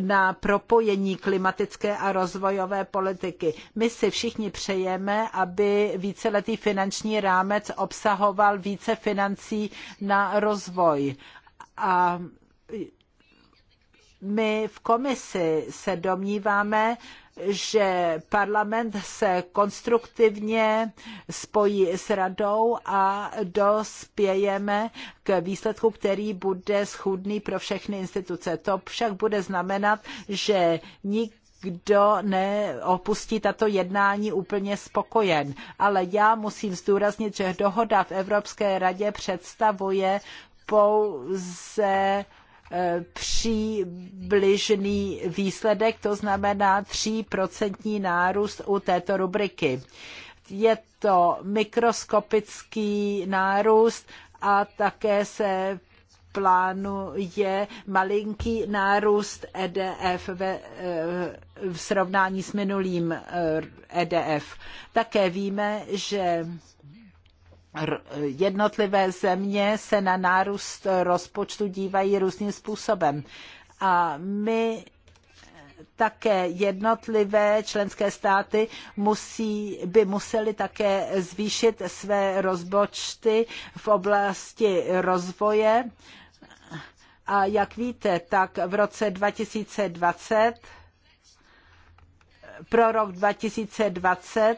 na propojení klimatické a rozvojové politiky. My si všichni přejeme, aby víceletý finanční rámec obsahoval více financí na rozvoj. A my v komisi se domníváme, že parlament se konstruktivně spojí s radou a dospějeme k výsledku, který bude schůdný pro všechny instituce. To však bude znamenat, že nik kdo neopustí tato jednání úplně spokojen. Ale já musím zdůraznit, že dohoda v Evropské radě představuje pouze Eh, příbližný výsledek, to znamená 3% nárůst u této rubriky. Je to mikroskopický nárůst a také se plánuje malinký nárůst EDF ve, eh, v srovnání s minulým EDF. Eh, e také víme, že jednotlivé země se na nárůst rozpočtu dívají různým způsobem. A my také jednotlivé členské státy musí, by musely také zvýšit své rozpočty v oblasti rozvoje. A jak víte, tak v roce 2020 pro rok 2020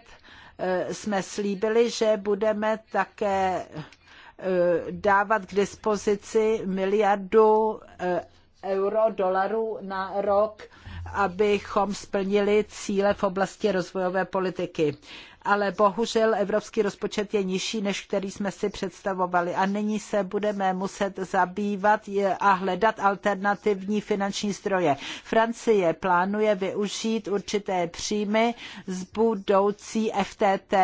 Eh, jsme slíbili, že budeme také eh, dávat k dispozici miliardu eh, euro, dolarů na rok, abychom splnili cíle v oblasti rozvojové politiky ale bohužel evropský rozpočet je nižší, než který jsme si představovali. A nyní se budeme muset zabývat a hledat alternativní finanční zdroje. Francie plánuje využít určité příjmy z budoucí FTT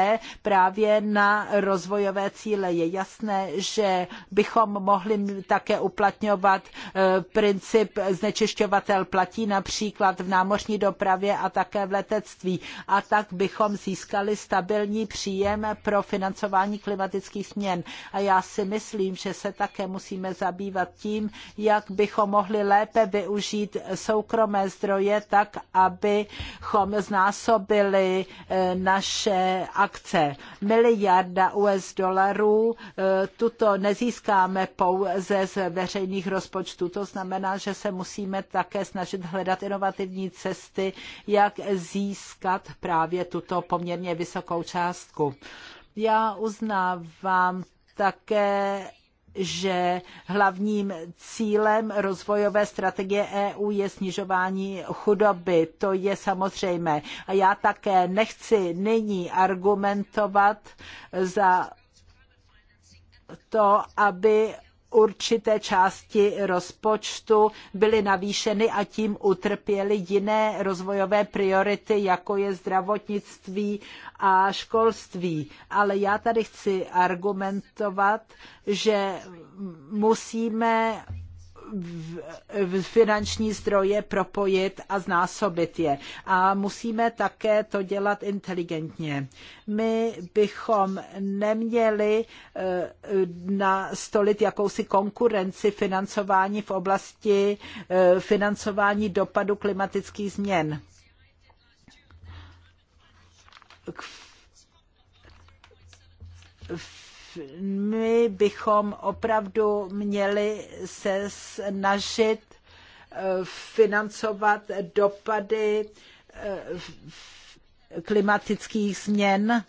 právě na rozvojové cíle. Je jasné, že bychom mohli také uplatňovat e, princip znečišťovatel platí například v námořní dopravě a také v letectví. A tak bychom získali stabilní příjem pro financování klimatických změn. A já si myslím, že se také musíme zabývat tím, jak bychom mohli lépe využít soukromé zdroje tak, abychom znásobili eh, naše akce. Miliarda US dolarů eh, tuto nezískáme pouze z veřejných rozpočtů. To znamená, že se musíme také snažit hledat inovativní cesty, jak získat právě tuto poměrně vysokou vysokou částku. Já uznávám také že hlavním cílem rozvojové strategie EU je snižování chudoby. To je samozřejmé. A já také nechci nyní argumentovat za to, aby určité části rozpočtu byly navýšeny a tím utrpěly jiné rozvojové priority, jako je zdravotnictví a školství. Ale já tady chci argumentovat, že musíme v finanční zdroje propojit a znásobit je. A musíme také to dělat inteligentně. My bychom neměli eh, nastolit jakousi konkurenci financování v oblasti eh, financování dopadu klimatických změn my bychom opravdu měli se snažit eh, financovat dopady eh, klimatických změn,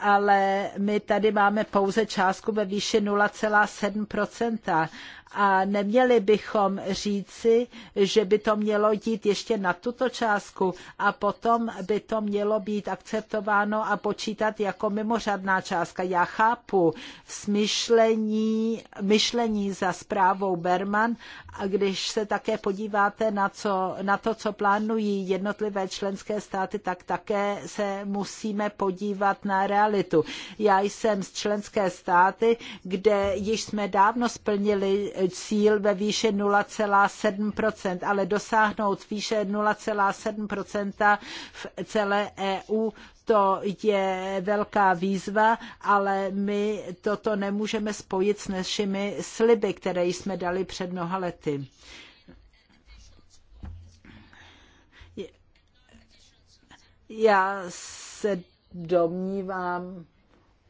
ale my tady máme pouze částku ve výši 0,7 a neměli bychom říci, že by to mělo jít ještě na tuto částku a potom by to mělo být akceptováno a počítat jako mimořádná částka. Já chápu smyšlení, myšlení za zprávou Berman a když se také podíváte na, co, na to, co plánují jednotlivé členské státy, tak také se musíme podívat na realitu. Já jsem z členské státy, kde již jsme dávno splnili cíl ve výši 0,7%, ale dosáhnout výše 0,7% v celé EU, to je velká výzva, ale my toto nemůžeme spojit s našimi sliby, které jsme dali před mnoha lety. Já se domnívám,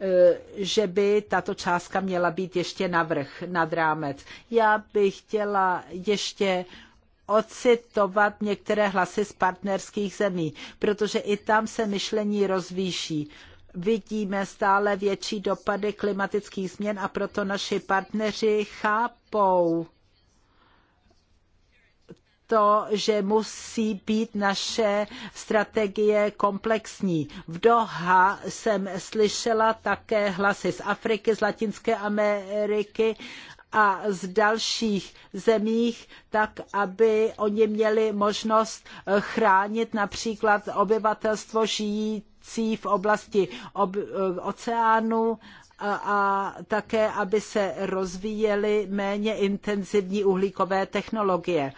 Eh, že by tato částka měla být ještě navrh, nad rámec. Já bych chtěla ještě ocitovat některé hlasy z partnerských zemí, protože i tam se myšlení rozvíší. Vidíme stále větší dopady klimatických změn a proto naši partneři chápou to, že musí být naše strategie komplexní. V Doha jsem slyšela také hlasy z Afriky, z Latinské Ameriky a z dalších zemích, tak aby oni měli možnost chránit například obyvatelstvo žijící v oblasti ob, oceánu a, a také, aby se rozvíjely méně intenzivní uhlíkové technologie.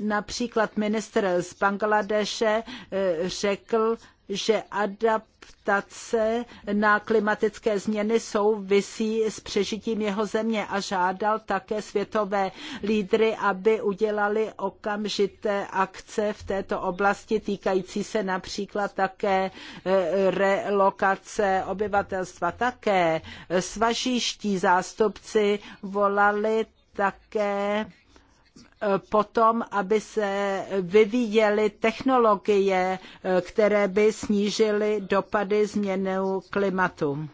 Například ministr z Bangladeše eh, řekl, že adaptace na klimatické změny souvisí s přežitím jeho země a žádal také světové lídry, aby udělali okamžité akce v této oblasti týkající se například také eh, relokace obyvatelstva. Také svažíští zástupci volali také potom, aby se vyvíjely technologie, které by snížily dopady změny klimatu.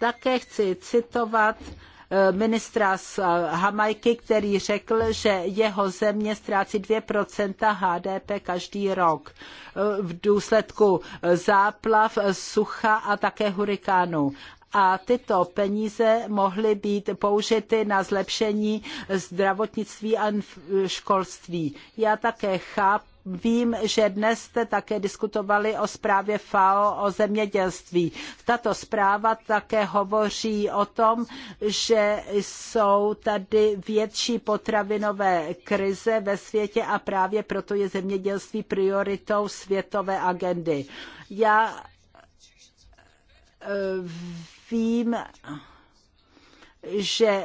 Také chci citovat eh, ministra z eh, Hamajky, který řekl, že jeho země ztrácí 2% HDP každý rok eh, v důsledku záplav, sucha a také hurikánů a tyto peníze mohly být použity na zlepšení zdravotnictví a školství. Já také chápu, Vím, že dnes jste také diskutovali o zprávě FAO o zemědělství. Tato zpráva také hovoří o tom, že jsou tady větší potravinové krize ve světě a právě proto je zemědělství prioritou světové agendy. Já eh, vím, že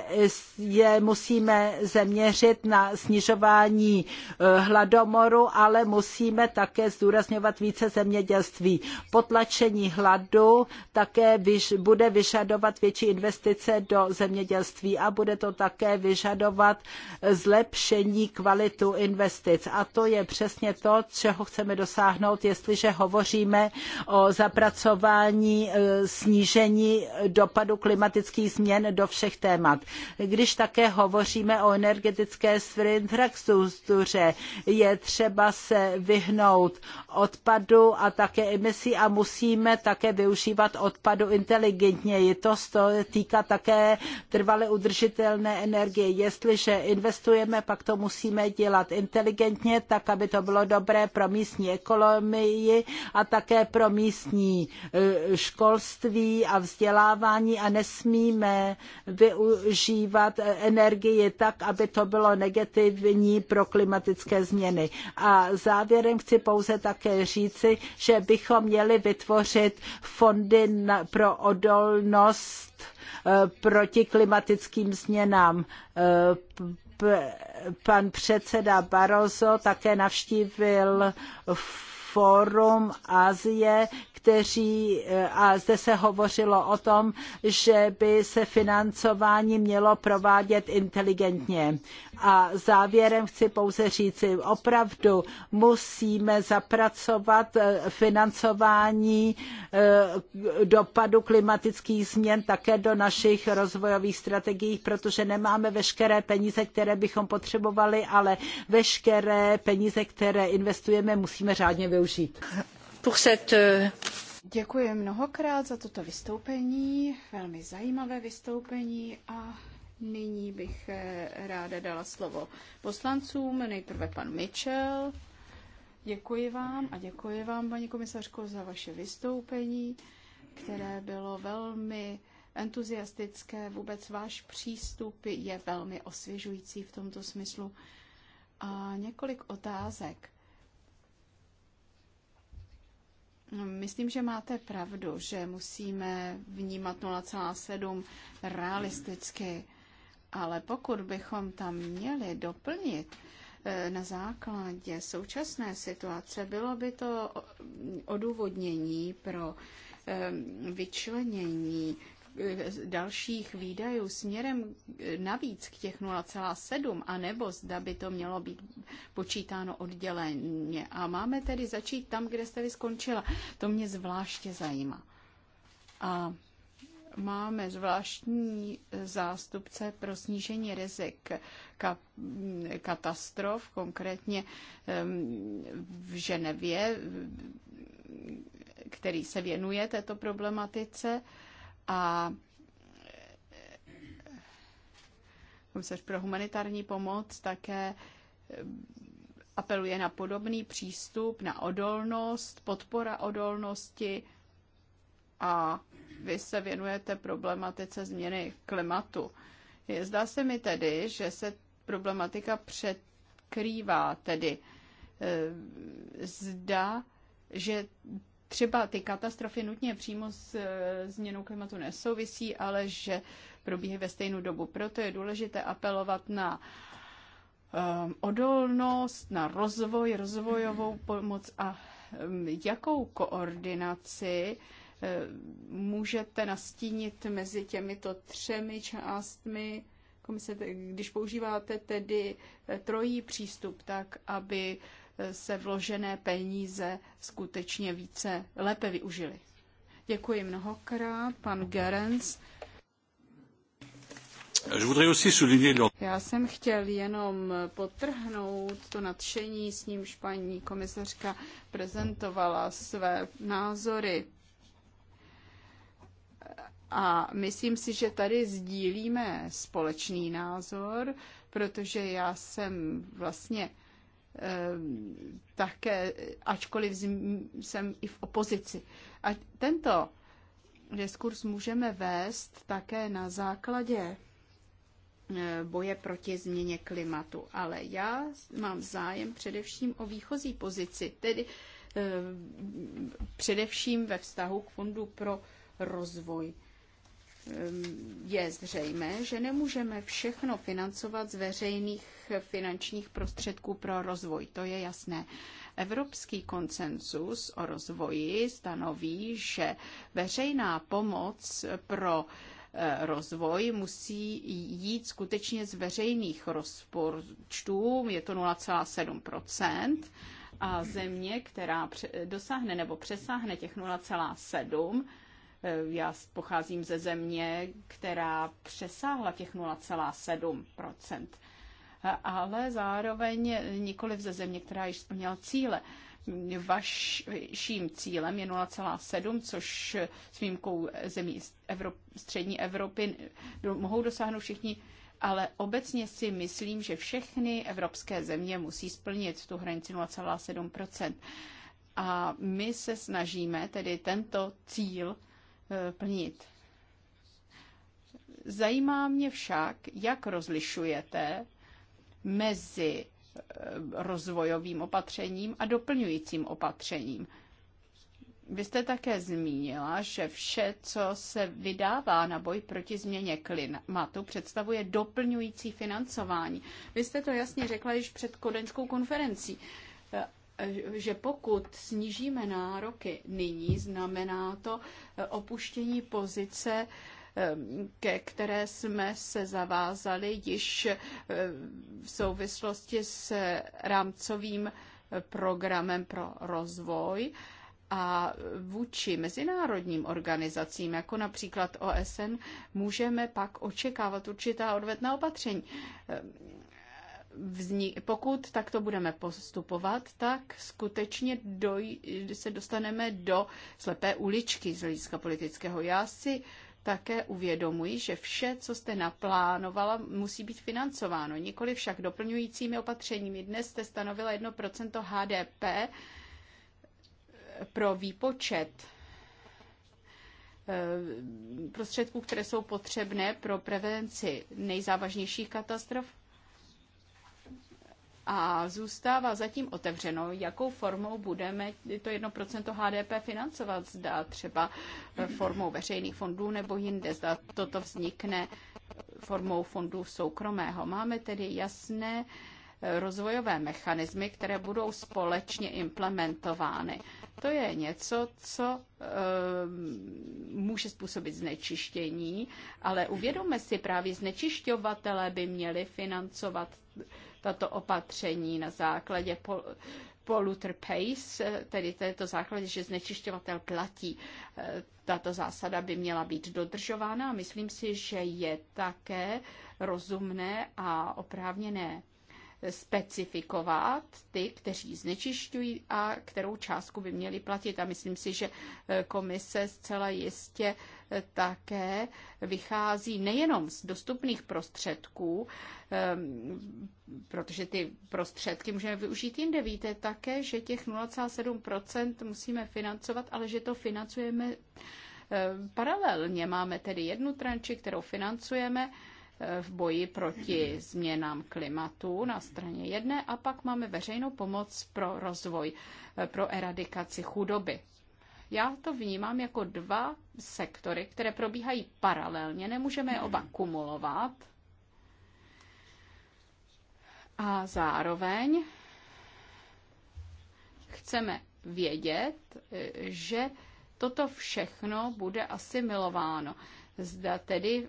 je musíme zaměřit na snižování eh, hladomoru, ale musíme také zdůrazňovat více zemědělství. Potlačení hladu také bude vyžadovat větší investice do zemědělství a bude to také vyžadovat zlepšení kvality investic. A to je přesně to, čeho chceme dosáhnout, jestliže hovoříme o zapracování eh, snížení dopadu klimatických změn do všech těch témat. Když také hovoříme o energetické infrastruktuře, je třeba se vyhnout odpadu a také emisí a musíme také využívat odpadu inteligentněji. To se týká také trvale udržitelné energie. Jestliže investujeme, pak to musíme dělat inteligentně, tak aby to bylo dobré pro místní ekonomii a také pro místní eh, školství a vzdělávání a nesmíme využívat eh, energii tak, aby to bylo negativní pro klimatické změny. A závěrem chci pouze tak také říci, že bychom měli vytvořit fondy pro odolnost eh, proti klimatickým změnám. Eh, pan předseda Barroso také navštívil Fórum Asie, kteří, eh, a zde se hovořilo o tom, že by se financování mělo provádět inteligentně. A závěrem chci pouze říci, opravdu musíme zapracovat eh, financování eh, dopadu klimatických změn také do našich rozvojových strategií, protože nemáme veškeré peníze, které bychom potřebovali, ale veškeré peníze, které investujeme, musíme řádně využít. Euh, Děkuji mnohokrát za toto vystoupení, velmi zajímavé vystoupení a Nyní bych eh, ráda dala slovo poslancům, nejprve pan Mitchell. Děkuji vám a děkuji vám, paní komisařko, za vaše vystoupení, které bylo velmi entuziastické. Vůbec váš přístup je velmi osvěžující v tomto smyslu. A několik otázek. Myslím, že máte pravdu, že musíme vnímat 0,7 realisticky. Ale pokud bychom tam měli doplnit eh, na základě současné situace, bylo by to odůvodnění pro eh, vyčlenění eh, dalších výdajů směrem navíc k těch 0,7, anebo zda by to mělo být počítáno odděleně. A máme tedy začít tam, kde jste vy skončila. To mě zvláště zajímá. A máme zvláštní zástupce pro snížení rizik katastrof, konkrétně v Ženevě, který se věnuje této problematice a eh, komisař pro humanitární pomoc také eh, apeluje na podobný přístup, na odolnost, podpora odolnosti a vy se věnujete problematice změny klimatu. Zdá se mi tedy, že se problematika překrývá tedy. Eh, zda, že třeba ty katastrofy nutně přímo s eh, změnou klimatu nesouvisí, ale že probíhají ve stejnou dobu. Proto je důležité apelovat na eh, odolnost, na rozvoj, rozvojovou pomoc a jakou koordinaci Eh, můžete nastínit mezi těmito třemi částmi když používáte tedy eh, trojí přístup, tak aby eh, se vložené peníze skutečně více lépe využily. Děkuji mnohokrát, pan Gerens. Já jsem chtěl jenom potrhnout to nadšení, s nímž paní komisařka prezentovala své názory a myslím si, že tady sdílíme společný názor, protože já jsem vlastně eh, také, ačkoliv jsem i v opozici. A tento diskurs můžeme vést také na základě eh, boje proti změně klimatu. Ale já mám zájem především o výchozí pozici, tedy eh, především ve vztahu k Fondu pro rozvoj je zřejmé, že nemůžeme všechno financovat z veřejných finančních prostředků pro rozvoj. To je jasné. Evropský koncensus o rozvoji stanoví, že veřejná pomoc pro eh, rozvoj musí jít skutečně z veřejných rozpočtů, je to 0,7 a země, která dosáhne nebo přesáhne těch Eh, já pocházím ze země, která přesáhla těch 0,7 eh, ale zároveň nikoli ze země, která již splnila cíle. Vaším cílem je 0,7, což s výjimkou zemí Evrop, střední Evropy mohou dosáhnout všichni ale obecně si myslím, že všechny evropské země musí splnit tu hranici 0,7 A my se snažíme tedy tento cíl Eh, plnit. Zajímá mě však, jak rozlišujete mezi eh, rozvojovým opatřením a doplňujícím opatřením. Vy jste také zmínila, že vše, co se vydává na boj proti změně klimatu, představuje doplňující financování. Vy jste to jasně řekla již před kodeňskou konferencí že pokud snížíme nároky nyní, znamená to eh, opuštění pozice eh, ke které jsme se zavázali již eh, v souvislosti s rámcovým programem pro rozvoj a vůči mezinárodním organizacím, jako například OSN, můžeme pak očekávat určitá odvetná opatření vzni- pokud takto budeme postupovat, tak skutečně doj, se dostaneme do slepé uličky z hlediska politického. Já si také uvědomuji, že vše, co jste naplánovala, musí být financováno. Nikoli však doplňujícími opatřeními. Dnes jste stanovila 1% HDP pro výpočet eh, prostředků, které jsou potřebné pro prevenci nejzávažnějších katastrof a zůstává zatím otevřeno, jakou formou budeme to 1% HDP financovat. Zda třeba formou veřejných fondů nebo jinde, zda toto vznikne formou fondů soukromého. Máme tedy jasné rozvojové mechanismy, které budou společně implementovány. To je něco, co e, může způsobit znečištění, ale uvědomme si, právě znečišťovatele by měli financovat tato opatření na základě pol, polluter pays, eh, tedy této základě, že znečišťovatel platí. Eh, tato zásada by měla být dodržována a myslím si, že je také rozumné a oprávněné specifikovat ty, kteří znečišťují a kterou částku by měli platit. A myslím si, že eh, komise zcela jistě eh, také vychází nejenom z dostupných prostředků, ehm, protože ty prostředky můžeme využít jinde. Víte také, že těch 0,7% musíme financovat, ale že to financujeme eh, paralelně. Máme tedy jednu tranči, kterou financujeme v boji proti změnám klimatu na straně jedné a pak máme veřejnou pomoc pro rozvoj, eh, pro eradikaci chudoby. Já to vnímám jako dva sektory, které probíhají paralelně, nemůžeme je oba kumulovat. A zároveň chceme vědět, eh, že toto všechno bude asimilováno. Zda tedy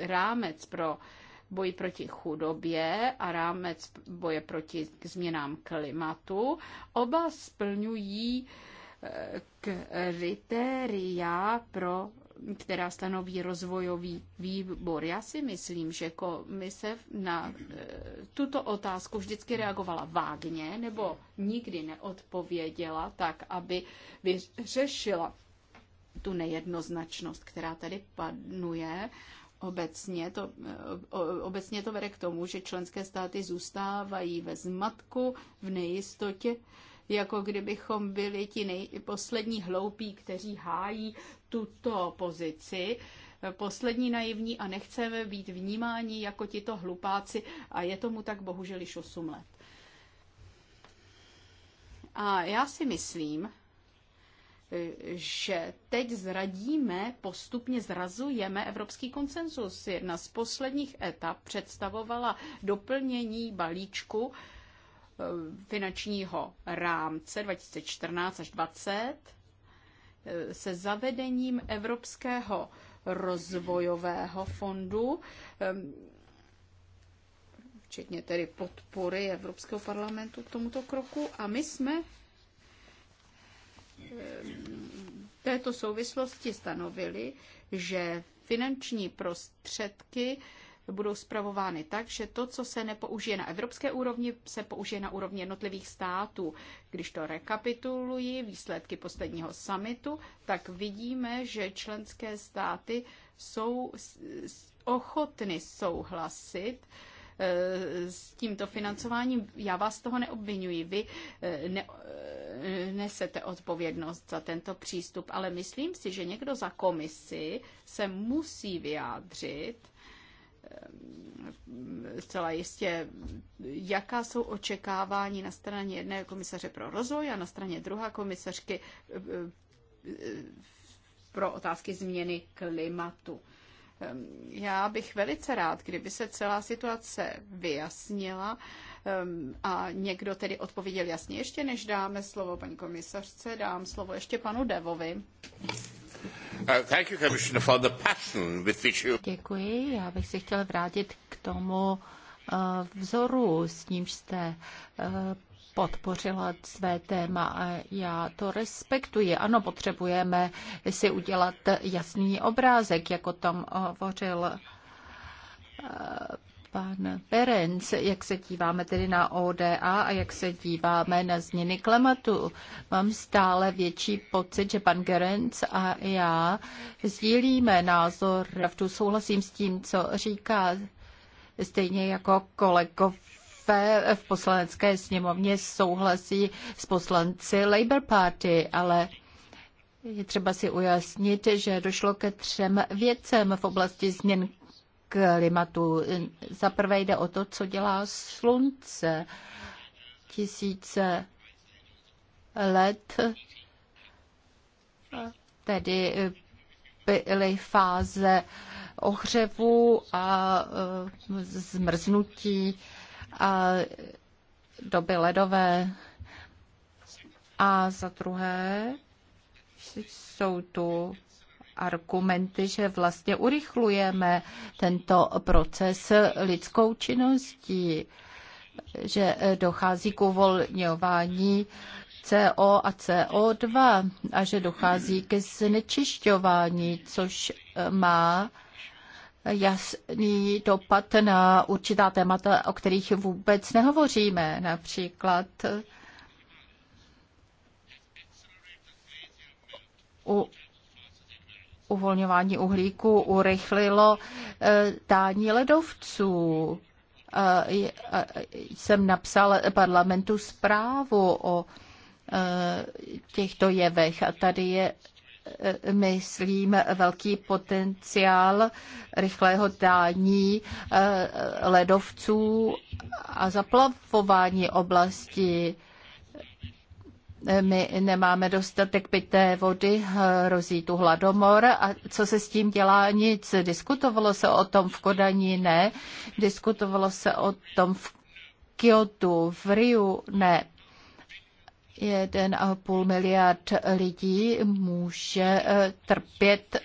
rámec pro boj proti chudobě a rámec boje proti změnám klimatu. Oba splňují eh, kritéria pro která stanoví rozvojový výbor. Já si myslím, že komise na eh, tuto otázku vždycky reagovala vágně nebo nikdy neodpověděla tak, aby vyřešila tu nejednoznačnost, která tady panuje Obecně to, eh, obecně to vede k tomu, že členské státy zůstávají ve zmatku, v nejistotě, jako kdybychom byli ti nej, poslední hloupí, kteří hájí tuto pozici, poslední naivní a nechceme být vnímáni jako tito hlupáci a je tomu tak bohužel již 8 let. A já si myslím, že teď zradíme, postupně zrazujeme evropský konsenzus. Jedna z posledních etap představovala doplnění balíčku eh, finančního rámce 2014 až 2020 eh, se zavedením Evropského rozvojového fondu, eh, včetně tedy podpory Evropského parlamentu k tomuto kroku. A my jsme Eh, této souvislosti stanovili, že finanční prostředky budou spravovány tak, že to, co se nepoužije na evropské úrovni, se použije na úrovni jednotlivých států. Když to rekapituluji, výsledky posledního summitu, tak vidíme, že členské státy jsou ochotny souhlasit uh, Eh, s tímto financováním. Já vás toho neobvinuji. Vy eh, ne, eh, nesete odpovědnost za tento přístup, ale myslím si, že někdo za komisi se musí vyjádřit zcela jistě, jaká jsou očekávání na straně jedné komisaře pro rozvoj a na straně druhé komisařky pro otázky změny klimatu. Já bych velice rád, kdyby se celá situace vyjasnila a někdo tedy odpověděl jasně. Ještě než dáme slovo paní komisařce, dám slovo ještě panu Devovi. Děkuji, já bych se chtěl vrátit k tomu, eh, vzoru, s nímž jste eh, podpořila své téma a já to respektuji. Ano, potřebujeme si udělat jasný obrázek, jako tam hovořil eh, pan Perenc, jak se díváme tedy na ODA a jak se díváme na změny klimatu. Mám stále větší pocit, že pan Gerenc a já sdílíme názor. Pravdu souhlasím s tím, co říká, stejně jako kolegové v poslanecké sněmovně souhlasí s poslanci Labour Party, ale je třeba si ujasnit, že došlo ke třem věcem v oblasti změn klimatu. Za prvé jde o to, co dělá slunce. Tisíce let tedy byly fáze ohřevu a e, zmrznutí a doby ledové. A za druhé jsou tu argumenty, že vlastně urychlujeme tento proces lidskou činností, že dochází k uvolňování CO a CO2 a že dochází ke znečišťování, což má jasný dopad na určitá témata, o kterých vůbec nehovoříme, například u uvolňování uhlíku urychlilo eh, dání ledovců. Eh, eh, jsem napsal parlamentu zprávu o těchto jevech a tady je myslím, velký potenciál rychlého dání eh, ledovců a zaplavování oblasti. My nemáme dostatek pitné vody, hrozí tu hladomor a co se s tím dělá? Nic. Diskutovalo se o tom v Kodani? Ne. Diskutovalo se o tom v Kyoto, v Riu? Ne. 1,5 miliard lidí může eh, trpět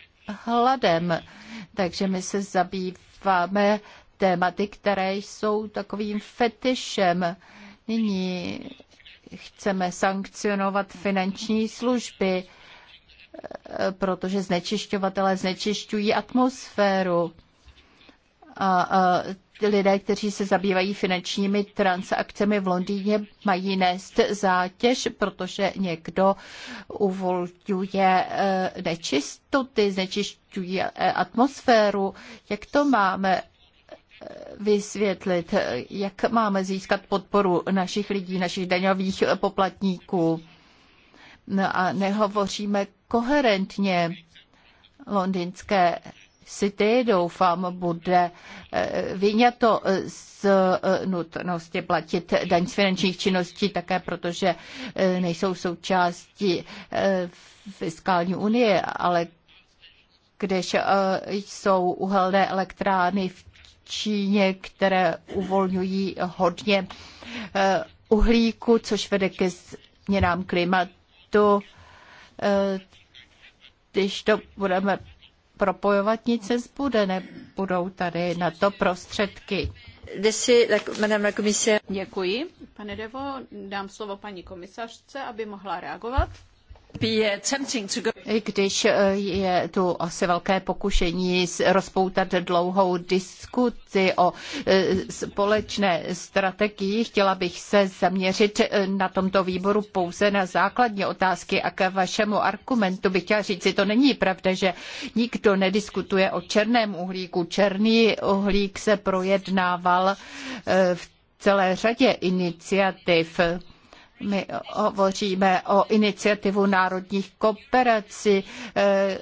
hladem. Takže my se zabýváme tématy, které jsou takovým fetišem. Nyní chceme sankcionovat finanční služby, eh, protože znečišťovatelé znečišťují atmosféru. A, a lidé, kteří se zabývají finančními transakcemi v Londýně, mají nést zátěž, protože někdo uvolňuje eh, nečistoty, znečišťuje eh, atmosféru. Jak to máme eh, vysvětlit, jak máme získat podporu našich lidí, našich daňových poplatníků. No a nehovoříme koherentně. Londýnské City, doufám, bude eh, vyňato z eh, nutnosti platit daň z finančních činností, také protože eh, nejsou součástí fiskální unie, ale když jsou uhelné elektrárny v Číně, které uvolňují hodně uhlíku, což vede ke změnám klimatu. Když to budeme propojovat, nic se zbude, nebudou tady na to prostředky. Děkuji. Pane Devo, dám slovo paní komisařce, aby mohla reagovat. Uh, když uh, je tu asi velké pokušení rozpoutat dlouhou diskusi o uh, společné strategii, chtěla bych se zaměřit na tomto výboru pouze na základní otázky a k vašemu argumentu bych chtěla říct, že to není pravda, že nikdo nediskutuje o černém uhlíku. Černý uhlík se projednával v celé řadě iniciativ my hovoříme o iniciativu národních kooperací eh,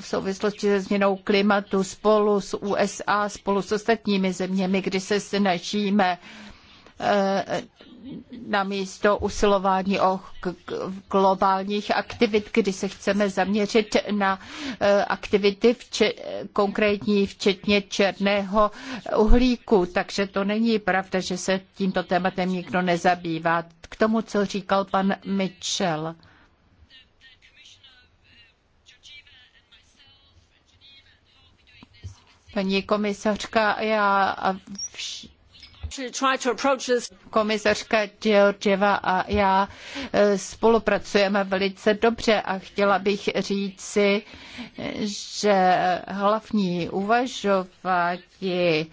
v souvislosti se změnou klimatu spolu s USA, spolu s ostatními zeměmi, kdy se snažíme eh, na místo usilování o globálních aktivit, kdy se chceme zaměřit na eh, aktivity včet, konkrétní, včetně černého uhlíku. Takže to není pravda, že se tímto tématem nikdo nezabývá. K tomu, co říkal pan Mitchell. Paní komisařka, já a vš- Komisařka Georgieva a já eh, spolupracujeme velice dobře a chtěla bych říci, že hlavní uvažování eh,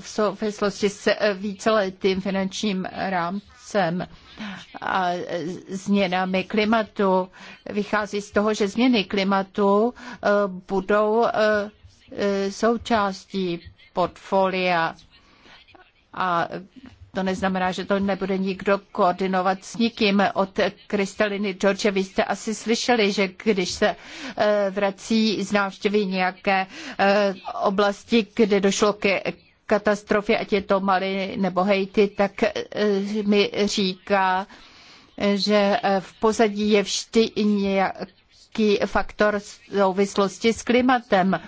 v souvislosti s eh, víceletým finančním rámcem a změnami klimatu vychází z toho, že změny klimatu budou součástí portfolia a to neznamená, že to nebude nikdo koordinovat s nikým. Od Kristaliny George vy jste asi slyšeli, že když se eh, vrací z návštěvy nějaké eh, oblasti, kde došlo ke katastrofě, ať je to Mali nebo Haiti, tak eh, mi říká, že v pozadí je vždy nějaký faktor souvislosti s klimatem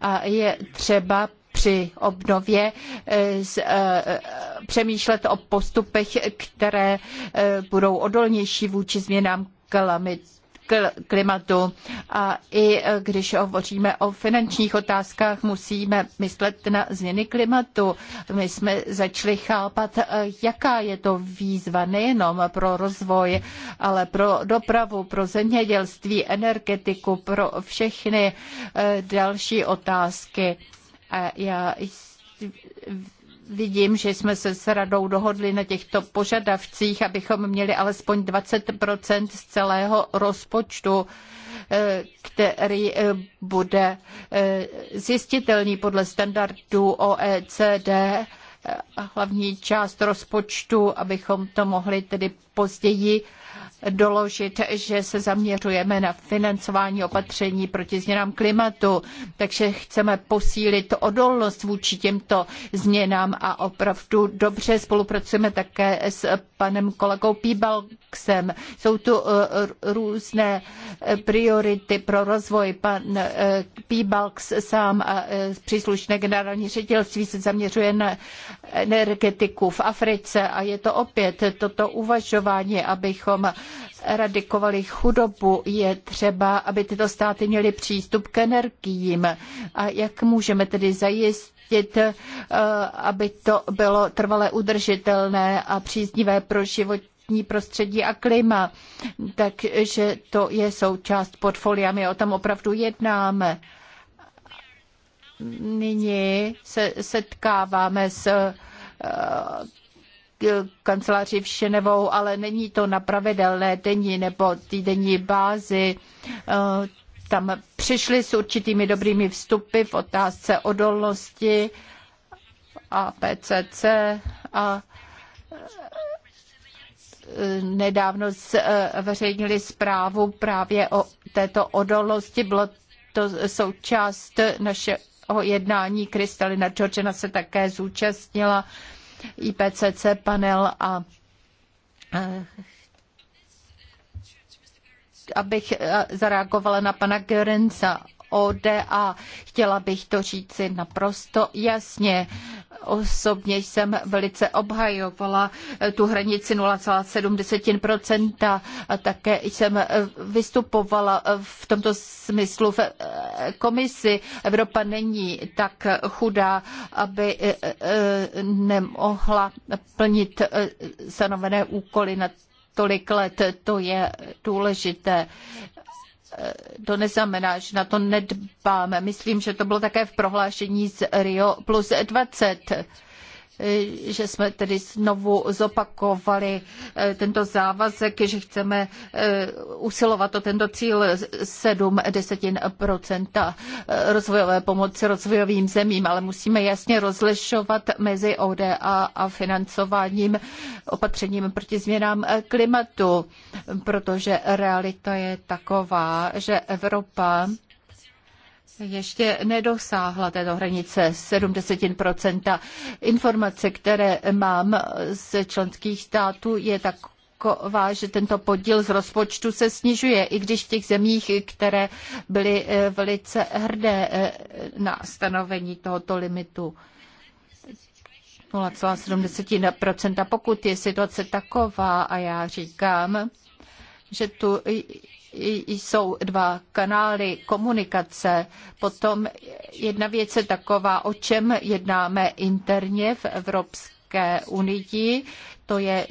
a je třeba při obnově eh, eh, eh, přemýšlet o postupech, které budou odolnější vůči změnám kalamit klimatu. A i když hovoříme o finančních otázkách, musíme myslet na změny klimatu. My jsme začali chápat, jaká je to výzva nejenom pro rozvoj, ale pro dopravu, pro zemědělství, energetiku, pro všechny další otázky. A já vidím, že jsme se s radou dohodli na těchto požadavcích, abychom měli alespoň 20 z celého rozpočtu, eh, který eh, bude eh, zjistitelný podle standardů OECD hlavní část rozpočtu, abychom to mohli tedy později doložit, že se zaměřujeme na financování opatření proti změnám klimatu, takže chceme posílit odolnost vůči těmto změnám a opravdu dobře spolupracujeme také s panem kolegou Píbalksem. Jsou tu eh, různé eh, priority pro rozvoj. Pan eh, Píbalks sám a příslušné generální ředitelství se zaměřuje na energetiku v Africe a je to opět toto uvažování, abychom radikovali chudobu, je třeba, aby tyto státy měly přístup k energiím. A jak můžeme tedy zajistit, eh, aby to bylo trvale udržitelné a příznivé pro životní prostředí a klima. Takže to je součást portfolia. My o tom opravdu jednáme. Nyní se setkáváme s eh, kanceláři v Ženevou, ale není to na pravidelné denní nebo týdenní bázi. Eh, tam přišli s určitými dobrými vstupy v otázce odolnosti a PCC a eh, nedávno zveřejnili eh, zprávu právě o této odolnosti. Bylo to součást našeho jednání. Kristalina Georgina se také zúčastnila. Uh, IPCC panel a abych zareagovala na pana Görenza ODA. Chtěla bych to říci naprosto jasně. Osobně jsem velice obhajovala eh, tu hranici 0,7% a také jsem eh, vystupovala eh, v tomto smyslu v komisi. Evropa není tak chudá, aby nemohla plnit stanovené úkoly na tolik let. To je důležité to neznamená, že na to nedbáme. Myslím, že to bylo také v prohlášení z Rio plus 20 že jsme tedy znovu zopakovali eh, tento závazek, že chceme eh, usilovat o tento cíl 7 desetin procenta eh, rozvojové pomoci rozvojovým zemím, ale musíme jasně rozlišovat mezi ODA a financováním opatřením proti změnám klimatu, protože realita je taková, že Evropa ještě nedosáhla této hranice 70%. Informace, které mám z členských států, je tak taková, že tento podíl z rozpočtu se snižuje, i když v těch zemích, které byly eh, velice hrdé eh, na stanovení tohoto limitu. 0,7%. Pokud je situace taková, a já říkám, že tu jsou dva kanály komunikace. Potom jedna věc je taková, o čem jednáme interně v Evropské unii, to je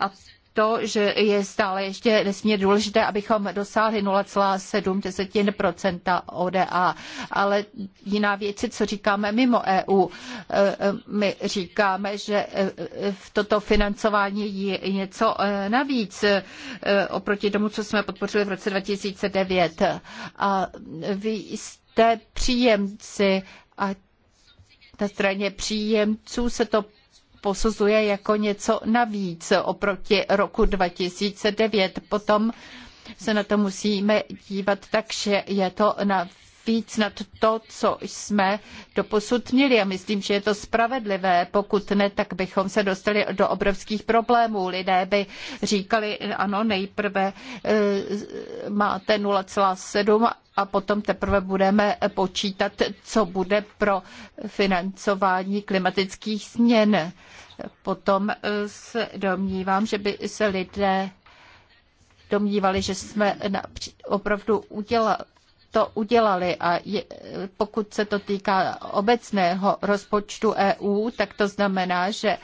a to, že je stále ještě nesmírně důležité, abychom dosáhli 0,7 ODA. Ale jiná věc je, co říkáme mimo EU. E, e, my říkáme, že e, v toto financování je něco navíc oproti tomu, co jsme podpořili v roce 2009. A vy jste příjemci a na straně příjemců se to posuzuje jako něco navíc oproti roku 2009. Potom se na to musíme dívat tak, že je to navíc nad to, co jsme doposud měli. A myslím, že je to spravedlivé. Pokud ne, tak bychom se dostali do obrovských problémů. Lidé by říkali, ano, nejprve eh, máte 0,7 a potom teprve budeme počítat, co bude pro financování klimatických změn. Potom eh, se domnívám, že by se lidé domnívali, že jsme opravdu udělali to udělali a je, pokud se to týká obecného rozpočtu EU, tak to znamená, že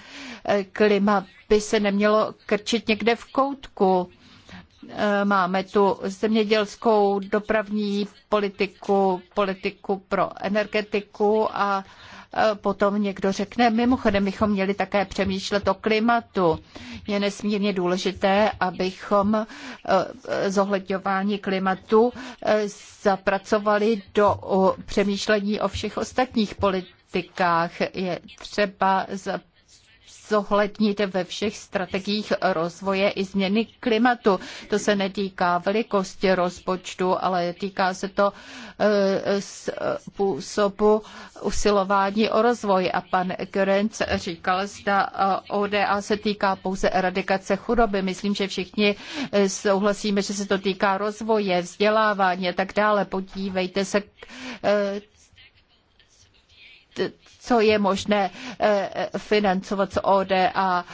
eh, klima by se nemělo krčit někde v koutku Eh, máme tu zemědělskou dopravní politiku, politiku pro energetiku a eh, potom někdo řekne, mimochodem bychom měli také přemýšlet o klimatu. Je nesmírně důležité, abychom eh, zohledňování klimatu zapracovali do přemýšlení o všech ostatních politikách. Je třeba zapracovat zohlednit ve všech strategiích rozvoje i změny klimatu. To se netýká velikosti rozpočtu, ale týká se to eh, způsobu usilování o rozvoj. A pan Gerenc říkal, zda eh, ODA se týká pouze eradikace chudoby. Myslím, že všichni eh, souhlasíme, že se to týká rozvoje, vzdělávání a tak dále. Podívejte se co je možné eh, financovat z ODA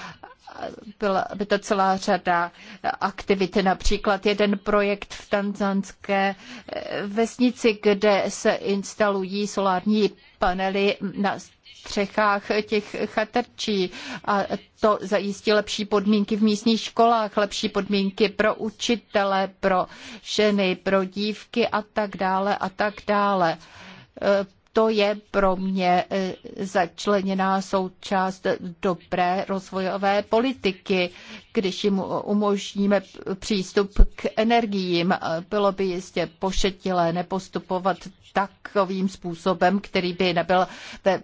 byla by to celá řada aktivit, například jeden projekt v tanzanské eh, vesnici, kde se instalují solární panely na střechách těch chatrčí a to zajistí lepší podmínky v místních školách, lepší podmínky pro učitele, pro ženy, pro dívky a tak dále a tak dále eh, to je pro mě e, začleněná součást dobré rozvojové politiky, když jim umožníme přístup k energiím. E, bylo by jistě pošetilé nepostupovat takovým způsobem, který by nebyl ve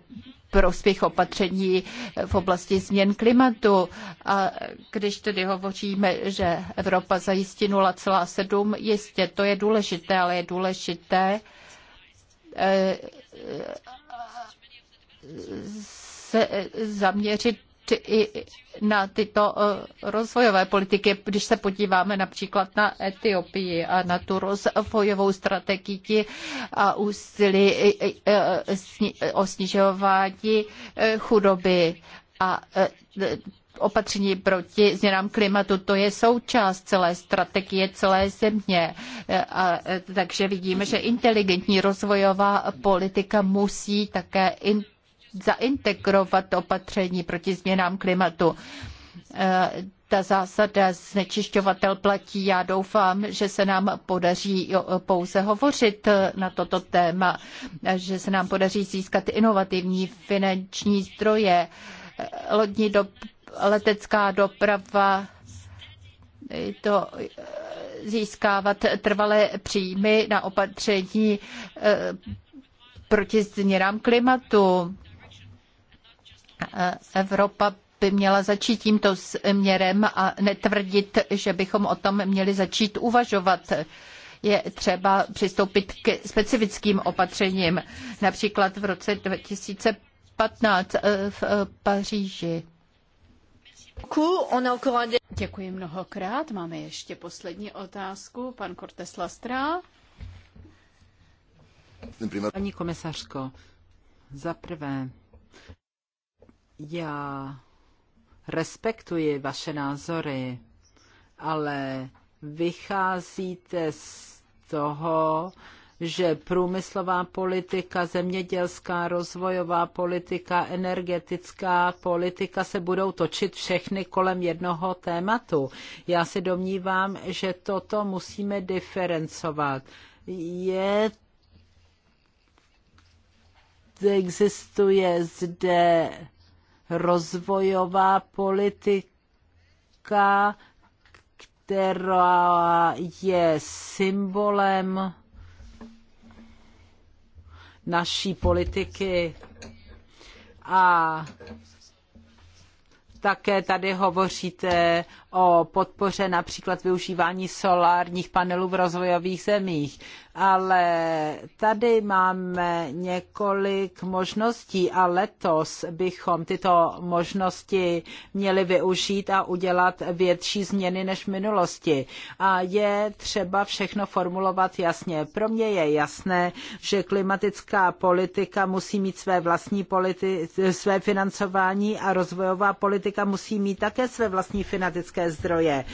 prospěch opatření v oblasti změn klimatu. A když tedy hovoříme, že Evropa zajistí 0,7, jistě to je důležité, ale je důležité e, se zaměřit i na tyto e, rozvojové politiky. Když se podíváme například na Etiopii a na tu rozvojovou strategii a úsilí e, e, o snižování chudoby a opatření proti změnám klimatu. To je součást celé strategie celé země. A, takže vidíme, že inteligentní rozvojová politika musí také in, zaintegrovat opatření proti změnám klimatu e, ta zásada znečišťovatel platí. Já doufám, že se nám podaří pouze hovořit na toto téma, že se nám podaří získat inovativní finanční zdroje. E, lodní letecká doprava to eh, získávat trvalé příjmy na opatření eh, proti změnám klimatu. Eh, Evropa by měla začít tímto směrem a netvrdit, že bychom o tom měli začít uvažovat. Je třeba přistoupit k specifickým opatřením, například v roce 2015 v Paříži. Děkuji mnohokrát. Máme ještě poslední otázku. Pan Cortes Lastra. Paní komisařko, za prvé, já respektuji vaše názory, ale vycházíte z toho, že průmyslová politika, zemědělská, rozvojová politika, energetická politika se budou točit všechny kolem jednoho tématu. Já se domnívám, že toto musíme diferencovat. Je existuje zde rozvojová politika, která je symbolem naší politiky a také tady hovoříte o podpoře například využívání solárních panelů v rozvojových zemích. Ale tady máme několik možností a letos bychom tyto možnosti měli využít a udělat větší změny než v minulosti. A je třeba všechno formulovat jasně. Pro mě je jasné, že klimatická politika musí mít své vlastní politi- své financování a rozvojová politika solidarita musí mít také své vlastní finantické zdroje.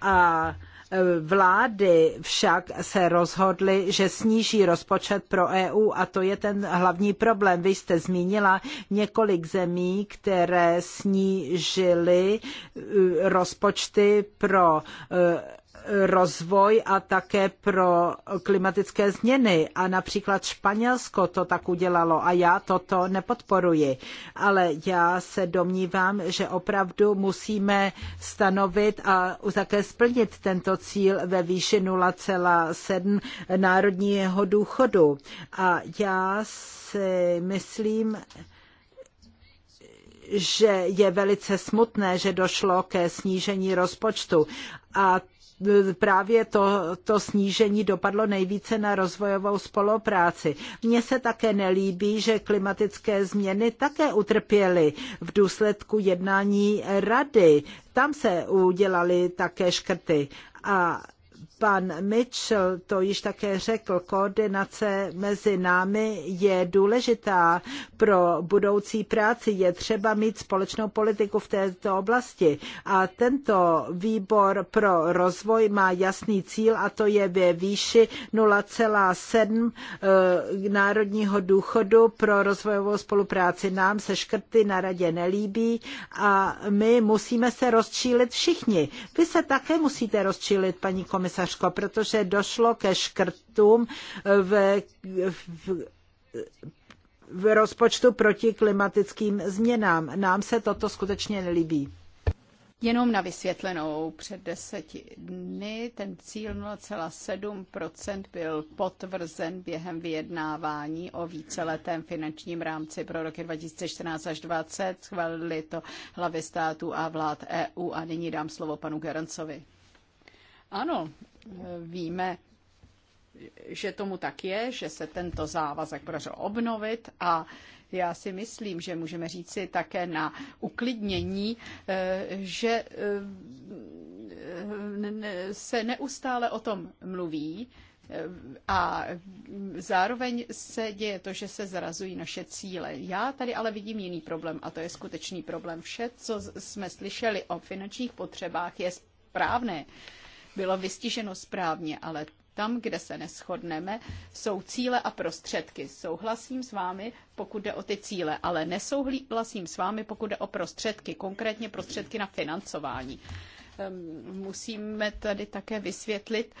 A e, Vlády však se rozhodly, že sníží rozpočet pro EU a to je ten hlavní problém. Vy jste zmínila několik zemí, které snížily e, rozpočty pro e, rozvoj a také pro klimatické změny. A například Španělsko to tak udělalo a já toto nepodporuji. Ale já se domnívám, že opravdu musíme stanovit a také splnit tento cíl ve výši 0,7 národního důchodu. A já si myslím, že je velice smutné, že došlo ke snížení rozpočtu. A E, právě to, to snížení dopadlo nejvíce na rozvojovou spolupráci. Mně se také nelíbí, že klimatické změny také utrpěly v důsledku jednání rady. Tam se udělaly také škrty. A pan Mitchell to již také řekl, koordinace mezi námi je důležitá pro budoucí práci. Je třeba mít společnou politiku v této oblasti. A tento výbor pro rozvoj má jasný cíl a to je ve výši 0,7 eh, národního důchodu pro rozvojovou spolupráci. Nám se škrty na radě nelíbí a my musíme se rozčílit všichni. Vy se také musíte rozčílit, paní komisař komisařko, protože došlo ke škrtům v, v v rozpočtu proti klimatickým změnám. Nám se toto skutečně nelíbí. Jenom na vysvětlenou, před deseti dny ten cíl 0,7 byl potvrzen během vyjednávání o víceletém finančním rámci pro roky 2014 až 2020. Schválili to hlavy států a vlád EU a nyní dám slovo panu Gerancovi. Ano, víme, že tomu tak je, že se tento závazek podařilo obnovit a já si myslím, že můžeme říci také na uklidnění, eh, že eh, se neustále o tom mluví eh, a zároveň se děje to, že se zrazují naše cíle. Já tady ale vidím jiný problém a to je skutečný problém. Vše, co jsme slyšeli o finančních potřebách, je správné bylo vystiženo správně, ale tam, kde se neschodneme, jsou cíle a prostředky. Souhlasím s vámi, pokud jde o ty cíle, ale nesouhlasím s vámi, pokud jde o prostředky, konkrétně prostředky na financování. Ehm, musíme tady také vysvětlit,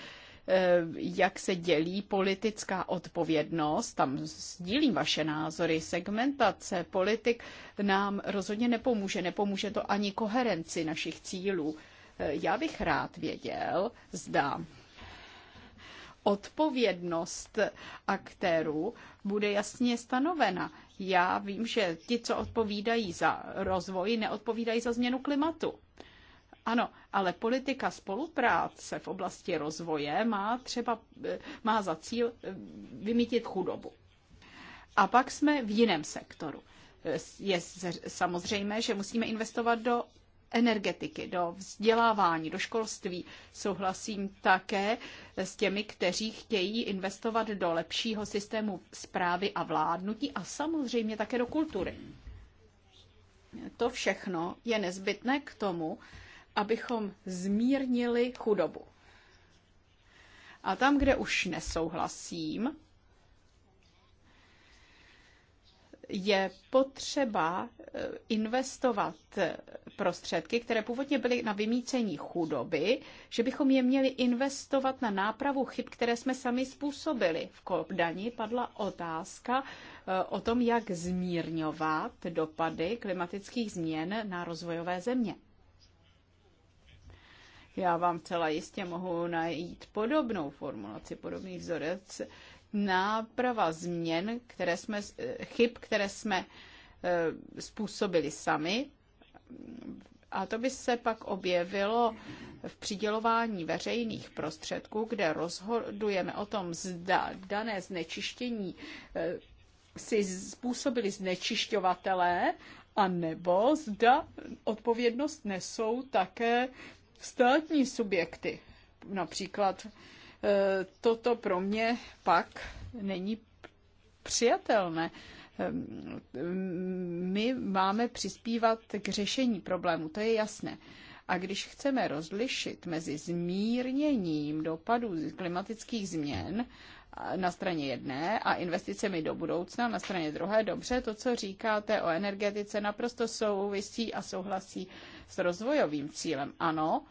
ehm, jak se dělí politická odpovědnost. Tam sdílím vaše názory. Segmentace politik nám rozhodně nepomůže. Nepomůže to ani koherenci našich cílů. Já bych rád věděl, zda odpovědnost aktérů bude jasně stanovena. Já vím, že ti, co odpovídají za rozvoj, neodpovídají za změnu klimatu. Ano, ale politika spolupráce v oblasti rozvoje má třeba má za cíl eh, vymítit chudobu. A pak jsme v jiném sektoru. Eh, je samozřejmé, že musíme investovat do energetiky, do vzdělávání, do školství. Souhlasím také s těmi, kteří chtějí investovat do lepšího systému zprávy a vládnutí a samozřejmě také do kultury. To všechno je nezbytné k tomu, abychom zmírnili chudobu. A tam, kde už nesouhlasím, je potřeba eh, investovat eh, prostředky, které původně byly na vymícení chudoby, že bychom je měli investovat na nápravu chyb, které jsme sami způsobili. V Kopdani padla otázka eh, o tom, jak zmírňovat dopady klimatických změn na rozvojové země. Já vám celá jistě mohu najít podobnou formulaci, podobný vzorec náprava změn, které jsme, chyb, které jsme e, způsobili sami. A to by se pak objevilo v přidělování veřejných prostředků, kde rozhodujeme o tom, zda dané znečištění e, si způsobili znečišťovatelé, a nebo zda odpovědnost nesou také státní subjekty, například toto pro mě pak není přijatelné. My máme přispívat k řešení problému, to je jasné. A když chceme rozlišit mezi zmírněním dopadů klimatických změn na straně jedné a investicemi do budoucna na straně druhé, dobře, to, co říkáte o energetice, naprosto souvisí a souhlasí s rozvojovým cílem. Ano,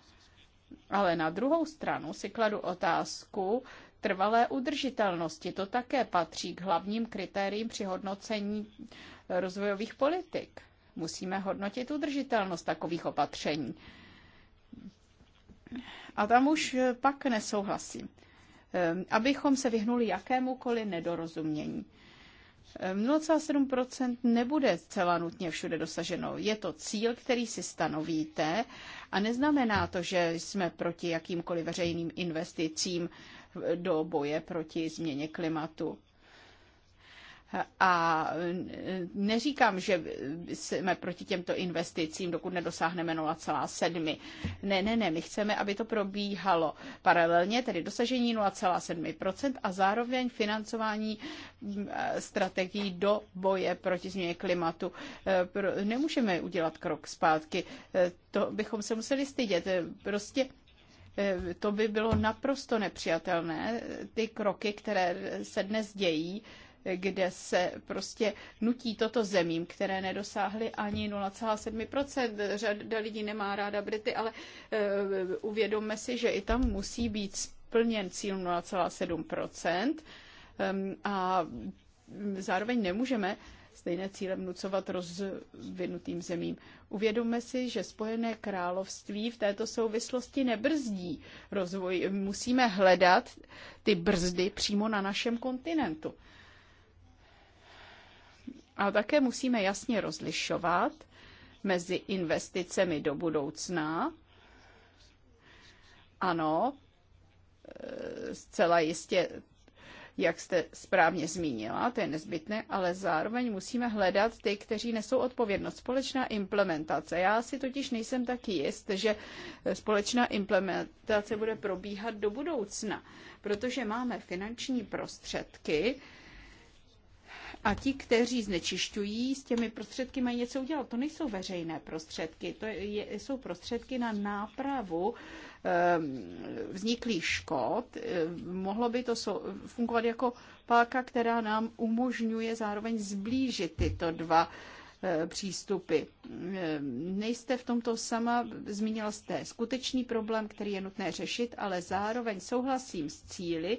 ale na druhou stranu si kladu otázku trvalé udržitelnosti. To také patří k hlavním kritériím při hodnocení rozvojových politik. Musíme hodnotit udržitelnost takových opatření. A tam už pak nesouhlasím. Ehm, abychom se vyhnuli jakémukoliv nedorozumění. 0,7 nebude celá nutně všude dosaženo. Je to cíl, který si stanovíte a neznamená to, že jsme proti jakýmkoliv veřejným investicím do boje proti změně klimatu. A neříkám, že jsme proti těmto investicím, dokud nedosáhneme 0,7. Ne, ne, ne, my chceme, aby to probíhalo paralelně, tedy dosažení 0,7 a zároveň financování mm, strategií do boje proti změně klimatu. E, nemůžeme udělat krok zpátky, e, to bychom se museli stydět. E, prostě to by bylo naprosto nepřijatelné, ty kroky, které se dnes dějí, kde se prostě nutí toto zemím, které nedosáhly ani 0,7%. Řada lidí nemá ráda Brity, ale eh, uvědomme si, že i tam musí být splněn cíl 0,7% ehm, a zároveň nemůžeme stejné cíle vnucovat rozvinutým zemím. Uvědomme si, že Spojené království v této souvislosti nebrzdí rozvoj. Musíme hledat ty brzdy přímo na našem kontinentu. A také musíme jasně rozlišovat mezi investicemi do budoucna. Ano, e, zcela jistě, jak jste správně zmínila, to je nezbytné, ale zároveň musíme hledat ty, kteří nesou odpovědnost. Společná implementace. Já si totiž nejsem taky jist, že společná implementace bude probíhat do budoucna, protože máme finanční prostředky, a ti, kteří znečišťují, s těmi prostředky mají něco udělat. To nejsou veřejné prostředky, to je, jsou prostředky na nápravu ehm, vzniklých škod. Ehm, mohlo by to fungovat jako páka, která nám umožňuje zároveň zblížit tyto dva e, přístupy. Ehm, nejste v tomto sama, zmínila jste skutečný problém, který je nutné řešit, ale zároveň souhlasím s cíly,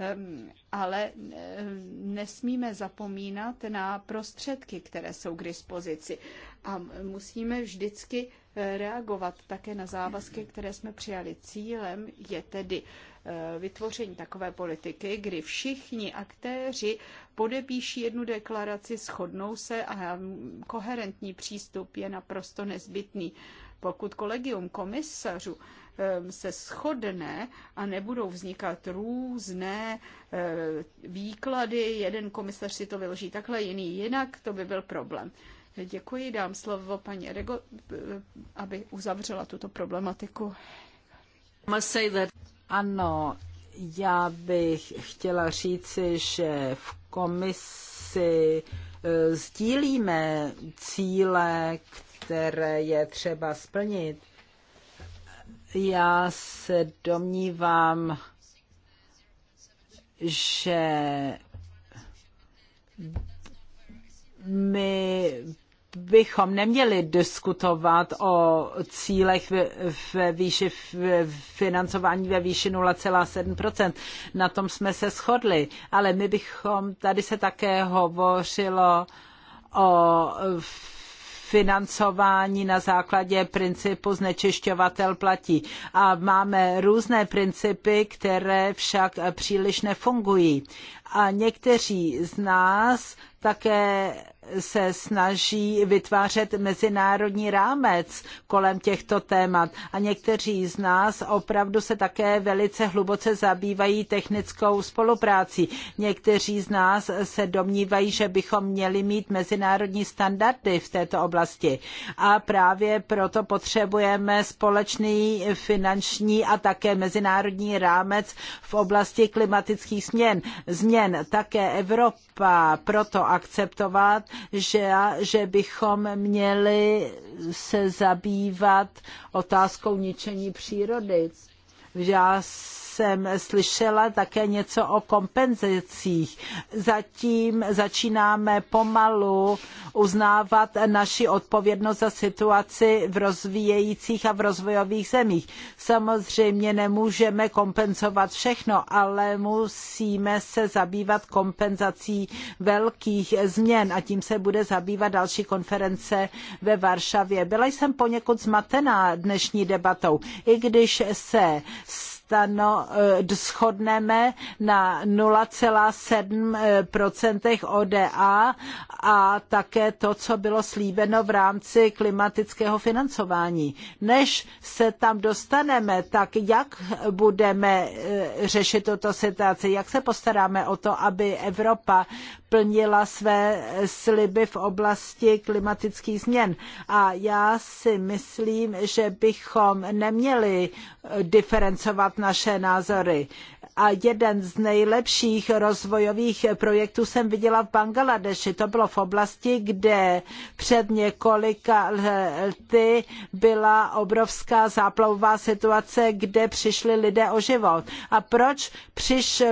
Ehm, ale ehm, nesmíme zapomínat na prostředky, které jsou k dispozici. A musíme vždycky eh, reagovat také na závazky, které jsme přijali. Cílem je tedy eh, vytvoření takové politiky, kdy všichni aktéři podepíší jednu deklaraci, shodnou se a ehm, koherentní přístup je naprosto nezbytný. Pokud kolegium komisařů Ehm, se shodne a nebudou vznikat různé ehm, výklady. Jeden komisař si to vyloží takhle, jiný jinak, to by byl problém. Děkuji, dám slovo paní Rego, eh, aby uzavřela tuto problematiku. Ano, já bych chtěla říci, že v komisi eh, sdílíme cíle, které je třeba splnit. Já se domnívám, že my bychom neměli diskutovat o cílech ve výši financování ve výši 0,7%. Na tom jsme se shodli, ale my bychom, tady se také hovořilo o financování na základě principu znečišťovatel platí. A máme různé principy, které však příliš nefungují. A někteří z nás také se snaží vytvářet mezinárodní rámec kolem těchto témat. A někteří z nás opravdu se také velice hluboce zabývají technickou spoluprácí. Někteří z nás se domnívají, že bychom měli mít mezinárodní standardy v této oblasti. A právě proto potřebujeme společný finanční a také mezinárodní rámec v oblasti klimatických změn. Změn také Evropa proto akceptovat že, že bychom měli se zabývat otázkou ničení přírody. Já jsem slyšela také něco o kompenzacích. Zatím začínáme pomalu uznávat naši odpovědnost za situaci v rozvíjejících a v rozvojových zemích. Samozřejmě nemůžeme kompenzovat všechno, ale musíme se zabývat kompenzací velkých změn a tím se bude zabývat další konference ve Varšavě. Byla jsem poněkud zmatená dnešní debatou, i když se stano, eh, shodneme na 0,7% ODA a také to, co bylo slíbeno v rámci klimatického financování. Než se tam dostaneme, tak jak budeme eh, řešit tuto situaci, jak se postaráme o to, aby Evropa plnila své sliby v oblasti klimatických změn. A já si myslím, že bychom neměli diferencovat naše názory a jeden z nejlepších rozvojových projektů jsem viděla v Bangladeši. To bylo v oblasti, kde před několika lety byla obrovská záplavová situace, kde přišli lidé o život. A proč, přišlo,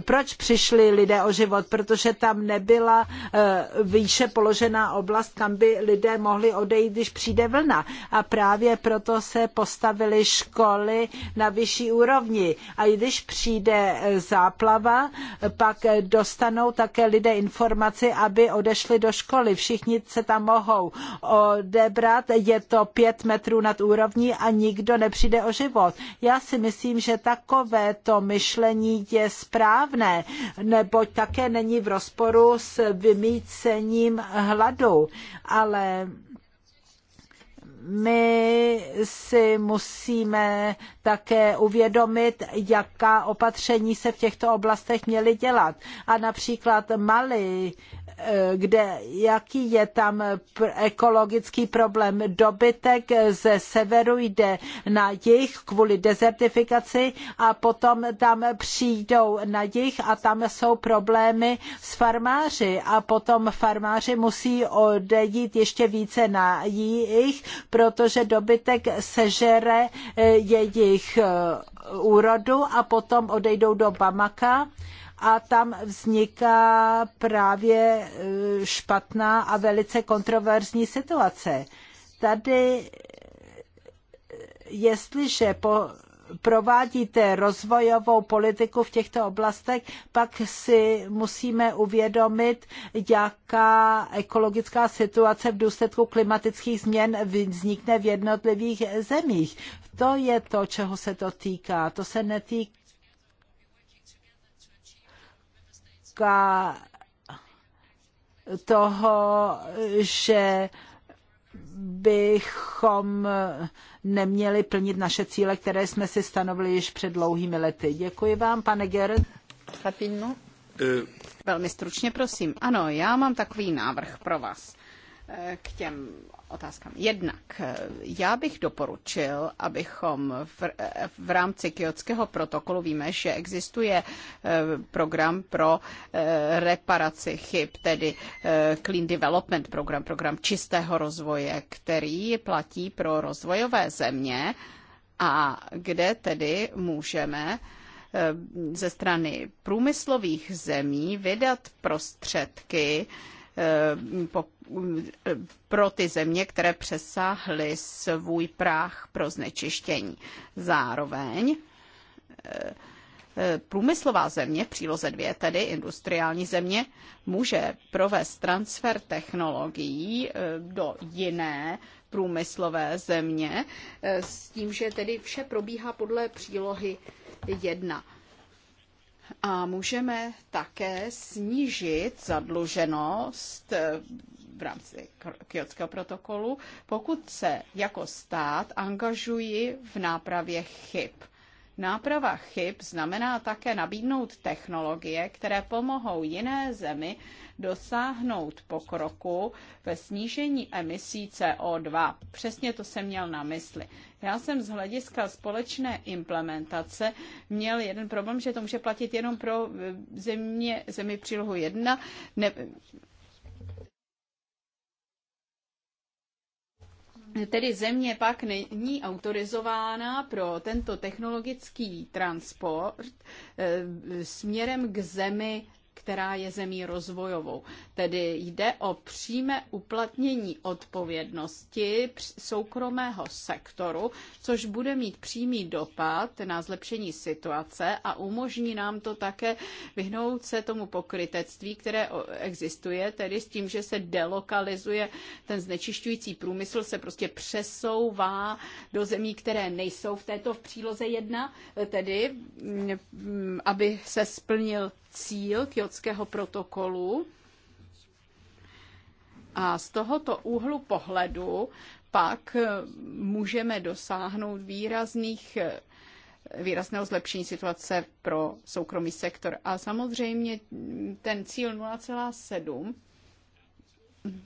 proč přišli lidé o život? Protože tam nebyla eh, výše položená oblast, kam by lidé mohli odejít, když přijde vlna. A právě proto se postavily školy na vyšší úrovni. A když přijde eh, záplava, pak eh, dostanou také lidé informaci, aby odešli do školy. Všichni se tam mohou odebrat, je to pět metrů nad úrovní a nikdo nepřijde o život. Já si myslím, že takovéto myšlení je správné, neboť také není v rozporu s vymýcením hladu. Ale my si musíme také uvědomit, jaká opatření se v těchto oblastech měly dělat. A například Mali kde, jaký je tam ekologický problém. Dobytek ze severu jde na jih kvůli dezertifikaci a potom tam přijdou na jih a tam jsou problémy s farmáři a potom farmáři musí odejít ještě více na jih, protože dobytek sežere eh, jejich eh, úrodu a potom odejdou do Bamaka a tam vzniká právě eh, špatná a velice kontroverzní situace. Tady, eh, jestliže po, provádíte rozvojovou politiku v těchto oblastech, pak si musíme uvědomit, jaká ekologická situace v důsledku klimatických změn vznikne v jednotlivých zemích. To je to, čeho se to týká. To se netýká otázka toho, že bychom neměli plnit naše cíle, které jsme si stanovili již před dlouhými lety. Děkuji vám, pane Gerrit. Eh. Velmi stručně, prosím. Ano, já mám takový návrh pro vás eh, k těm otázkám. Jednak eh, já bych doporučil, abychom v, eh, v rámci kyotského protokolu víme, že existuje eh, program pro reparaci chyb, tedy Clean Development Program, program čistého rozvoje, který platí pro rozvojové země a kde tedy můžeme ze strany průmyslových zemí vydat prostředky, pro ty země, které přesáhly svůj práh pro znečištění. Zároveň e, e, průmyslová země, příloze dvě, tedy industriální země, může provést transfer technologií e, do jiné průmyslové země s tím, že tedy vše probíhá podle přílohy jedna. A můžeme také snížit zadluženost v rámci Kyotského protokolu, pokud se jako stát angažuji v nápravě chyb. Náprava chyb znamená také nabídnout technologie, které pomohou jiné zemi dosáhnout pokroku ve snížení emisí CO2. Přesně to jsem měl na mysli. Já jsem z hlediska společné implementace měl jeden problém, že to může platit jenom pro eh, země, zemi přílohu 1, ne, Tedy země pak není autorizována pro tento technologický transport eh, směrem k zemi která je zemí rozvojovou. Tedy jde o přímé uplatnění odpovědnosti soukromého sektoru, což bude mít přímý dopad na zlepšení situace a umožní nám to také vyhnout se tomu pokrytectví, které existuje, tedy s tím, že se delokalizuje ten znečišťující průmysl, se prostě přesouvá do zemí, které nejsou v této v příloze jedna, tedy aby se splnil cíl Kyotského protokolu. A z tohoto úhlu pohledu pak můžeme dosáhnout výrazných výrazného zlepšení situace pro soukromý sektor. A samozřejmě ten cíl 0,7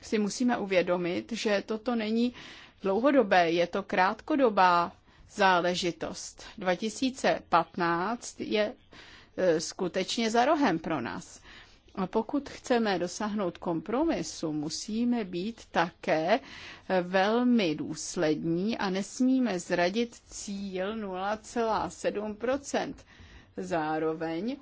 si musíme uvědomit, že toto není dlouhodobé, je to krátkodobá záležitost. 2015 je E, skutečně za rohem pro nás. A pokud chceme dosáhnout kompromisu, musíme být také velmi důslední a nesmíme zradit cíl 0,7 Zároveň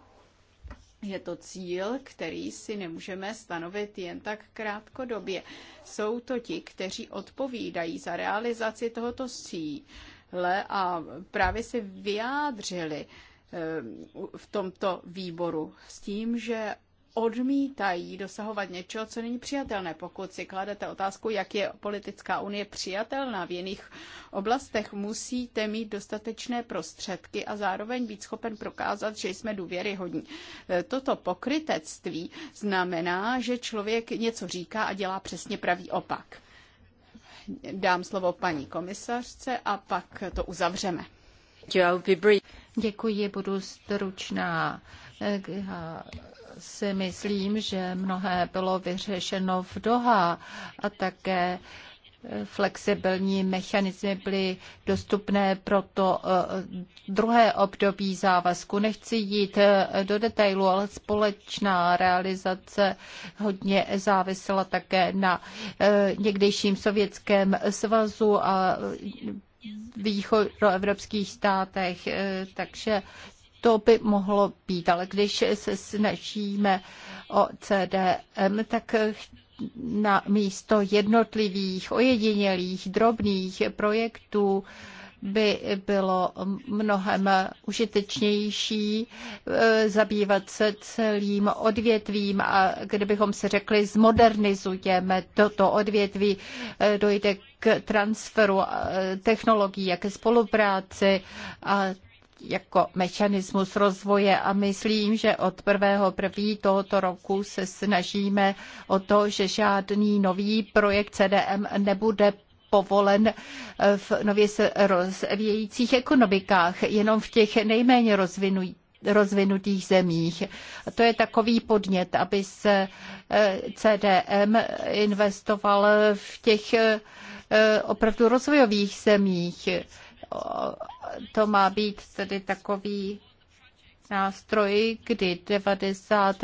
je to cíl, který si nemůžeme stanovit jen tak krátkodobě. Jsou to ti, kteří odpovídají za realizaci tohoto cíle a právě se vyjádřili, Eh, v tomto výboru s tím, že odmítají dosahovat něčeho, co není přijatelné. Pokud si kladete otázku, jak je politická unie přijatelná v jiných oblastech, musíte mít dostatečné prostředky a zároveň být schopen prokázat, že jsme důvěryhodní. Eh, toto pokrytectví znamená, že člověk něco říká a dělá přesně pravý opak. Dám slovo paní komisařce a pak to uzavřeme. Děkuji, budu stručná. Já si myslím, že mnohé bylo vyřešeno v Doha a také flexibilní mechanismy byly dostupné pro to eh, druhé období závazku. Nechci jít eh, do detailu, ale společná realizace hodně závisela také na eh, někdejším sovětském svazu a východoevropských státech, eh, takže to by mohlo být, ale když se snažíme o CDM, tak na místo jednotlivých, ojedinělých, drobných projektů by bylo mnohem užitečnější eh, zabývat se celým odvětvím a kdybychom se řekli, zmodernizujeme toto odvětví, eh, dojde k transferu eh, technologií, jaké spolupráci a jako mechanismus rozvoje a myslím, že od prvého první tohoto roku se snažíme o to, že žádný nový projekt CDM nebude povolen eh, v nově se rozvějících ekonomikách, jenom v těch nejméně rozvinutých rozvinutých zemích. A to je takový podnět, aby se eh, CDM investoval v těch Eh, opravdu rozvojových zemích. Eh, to má být tedy takový nástroj, kdy 90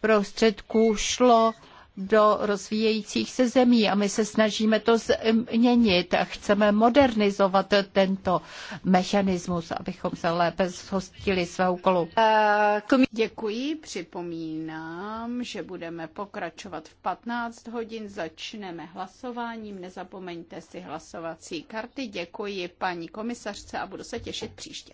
prostředků šlo do rozvíjejících se zemí a my se snažíme to změnit a chceme modernizovat tento mechanismus, abychom se lépe zhostili svého úkolu. Eh, Děkuji, připomínám, že budeme pokračovat v 15 hodin, začneme hlasováním, nezapomeňte si hlasovací karty. Děkuji paní komisařce a budu se těšit příště.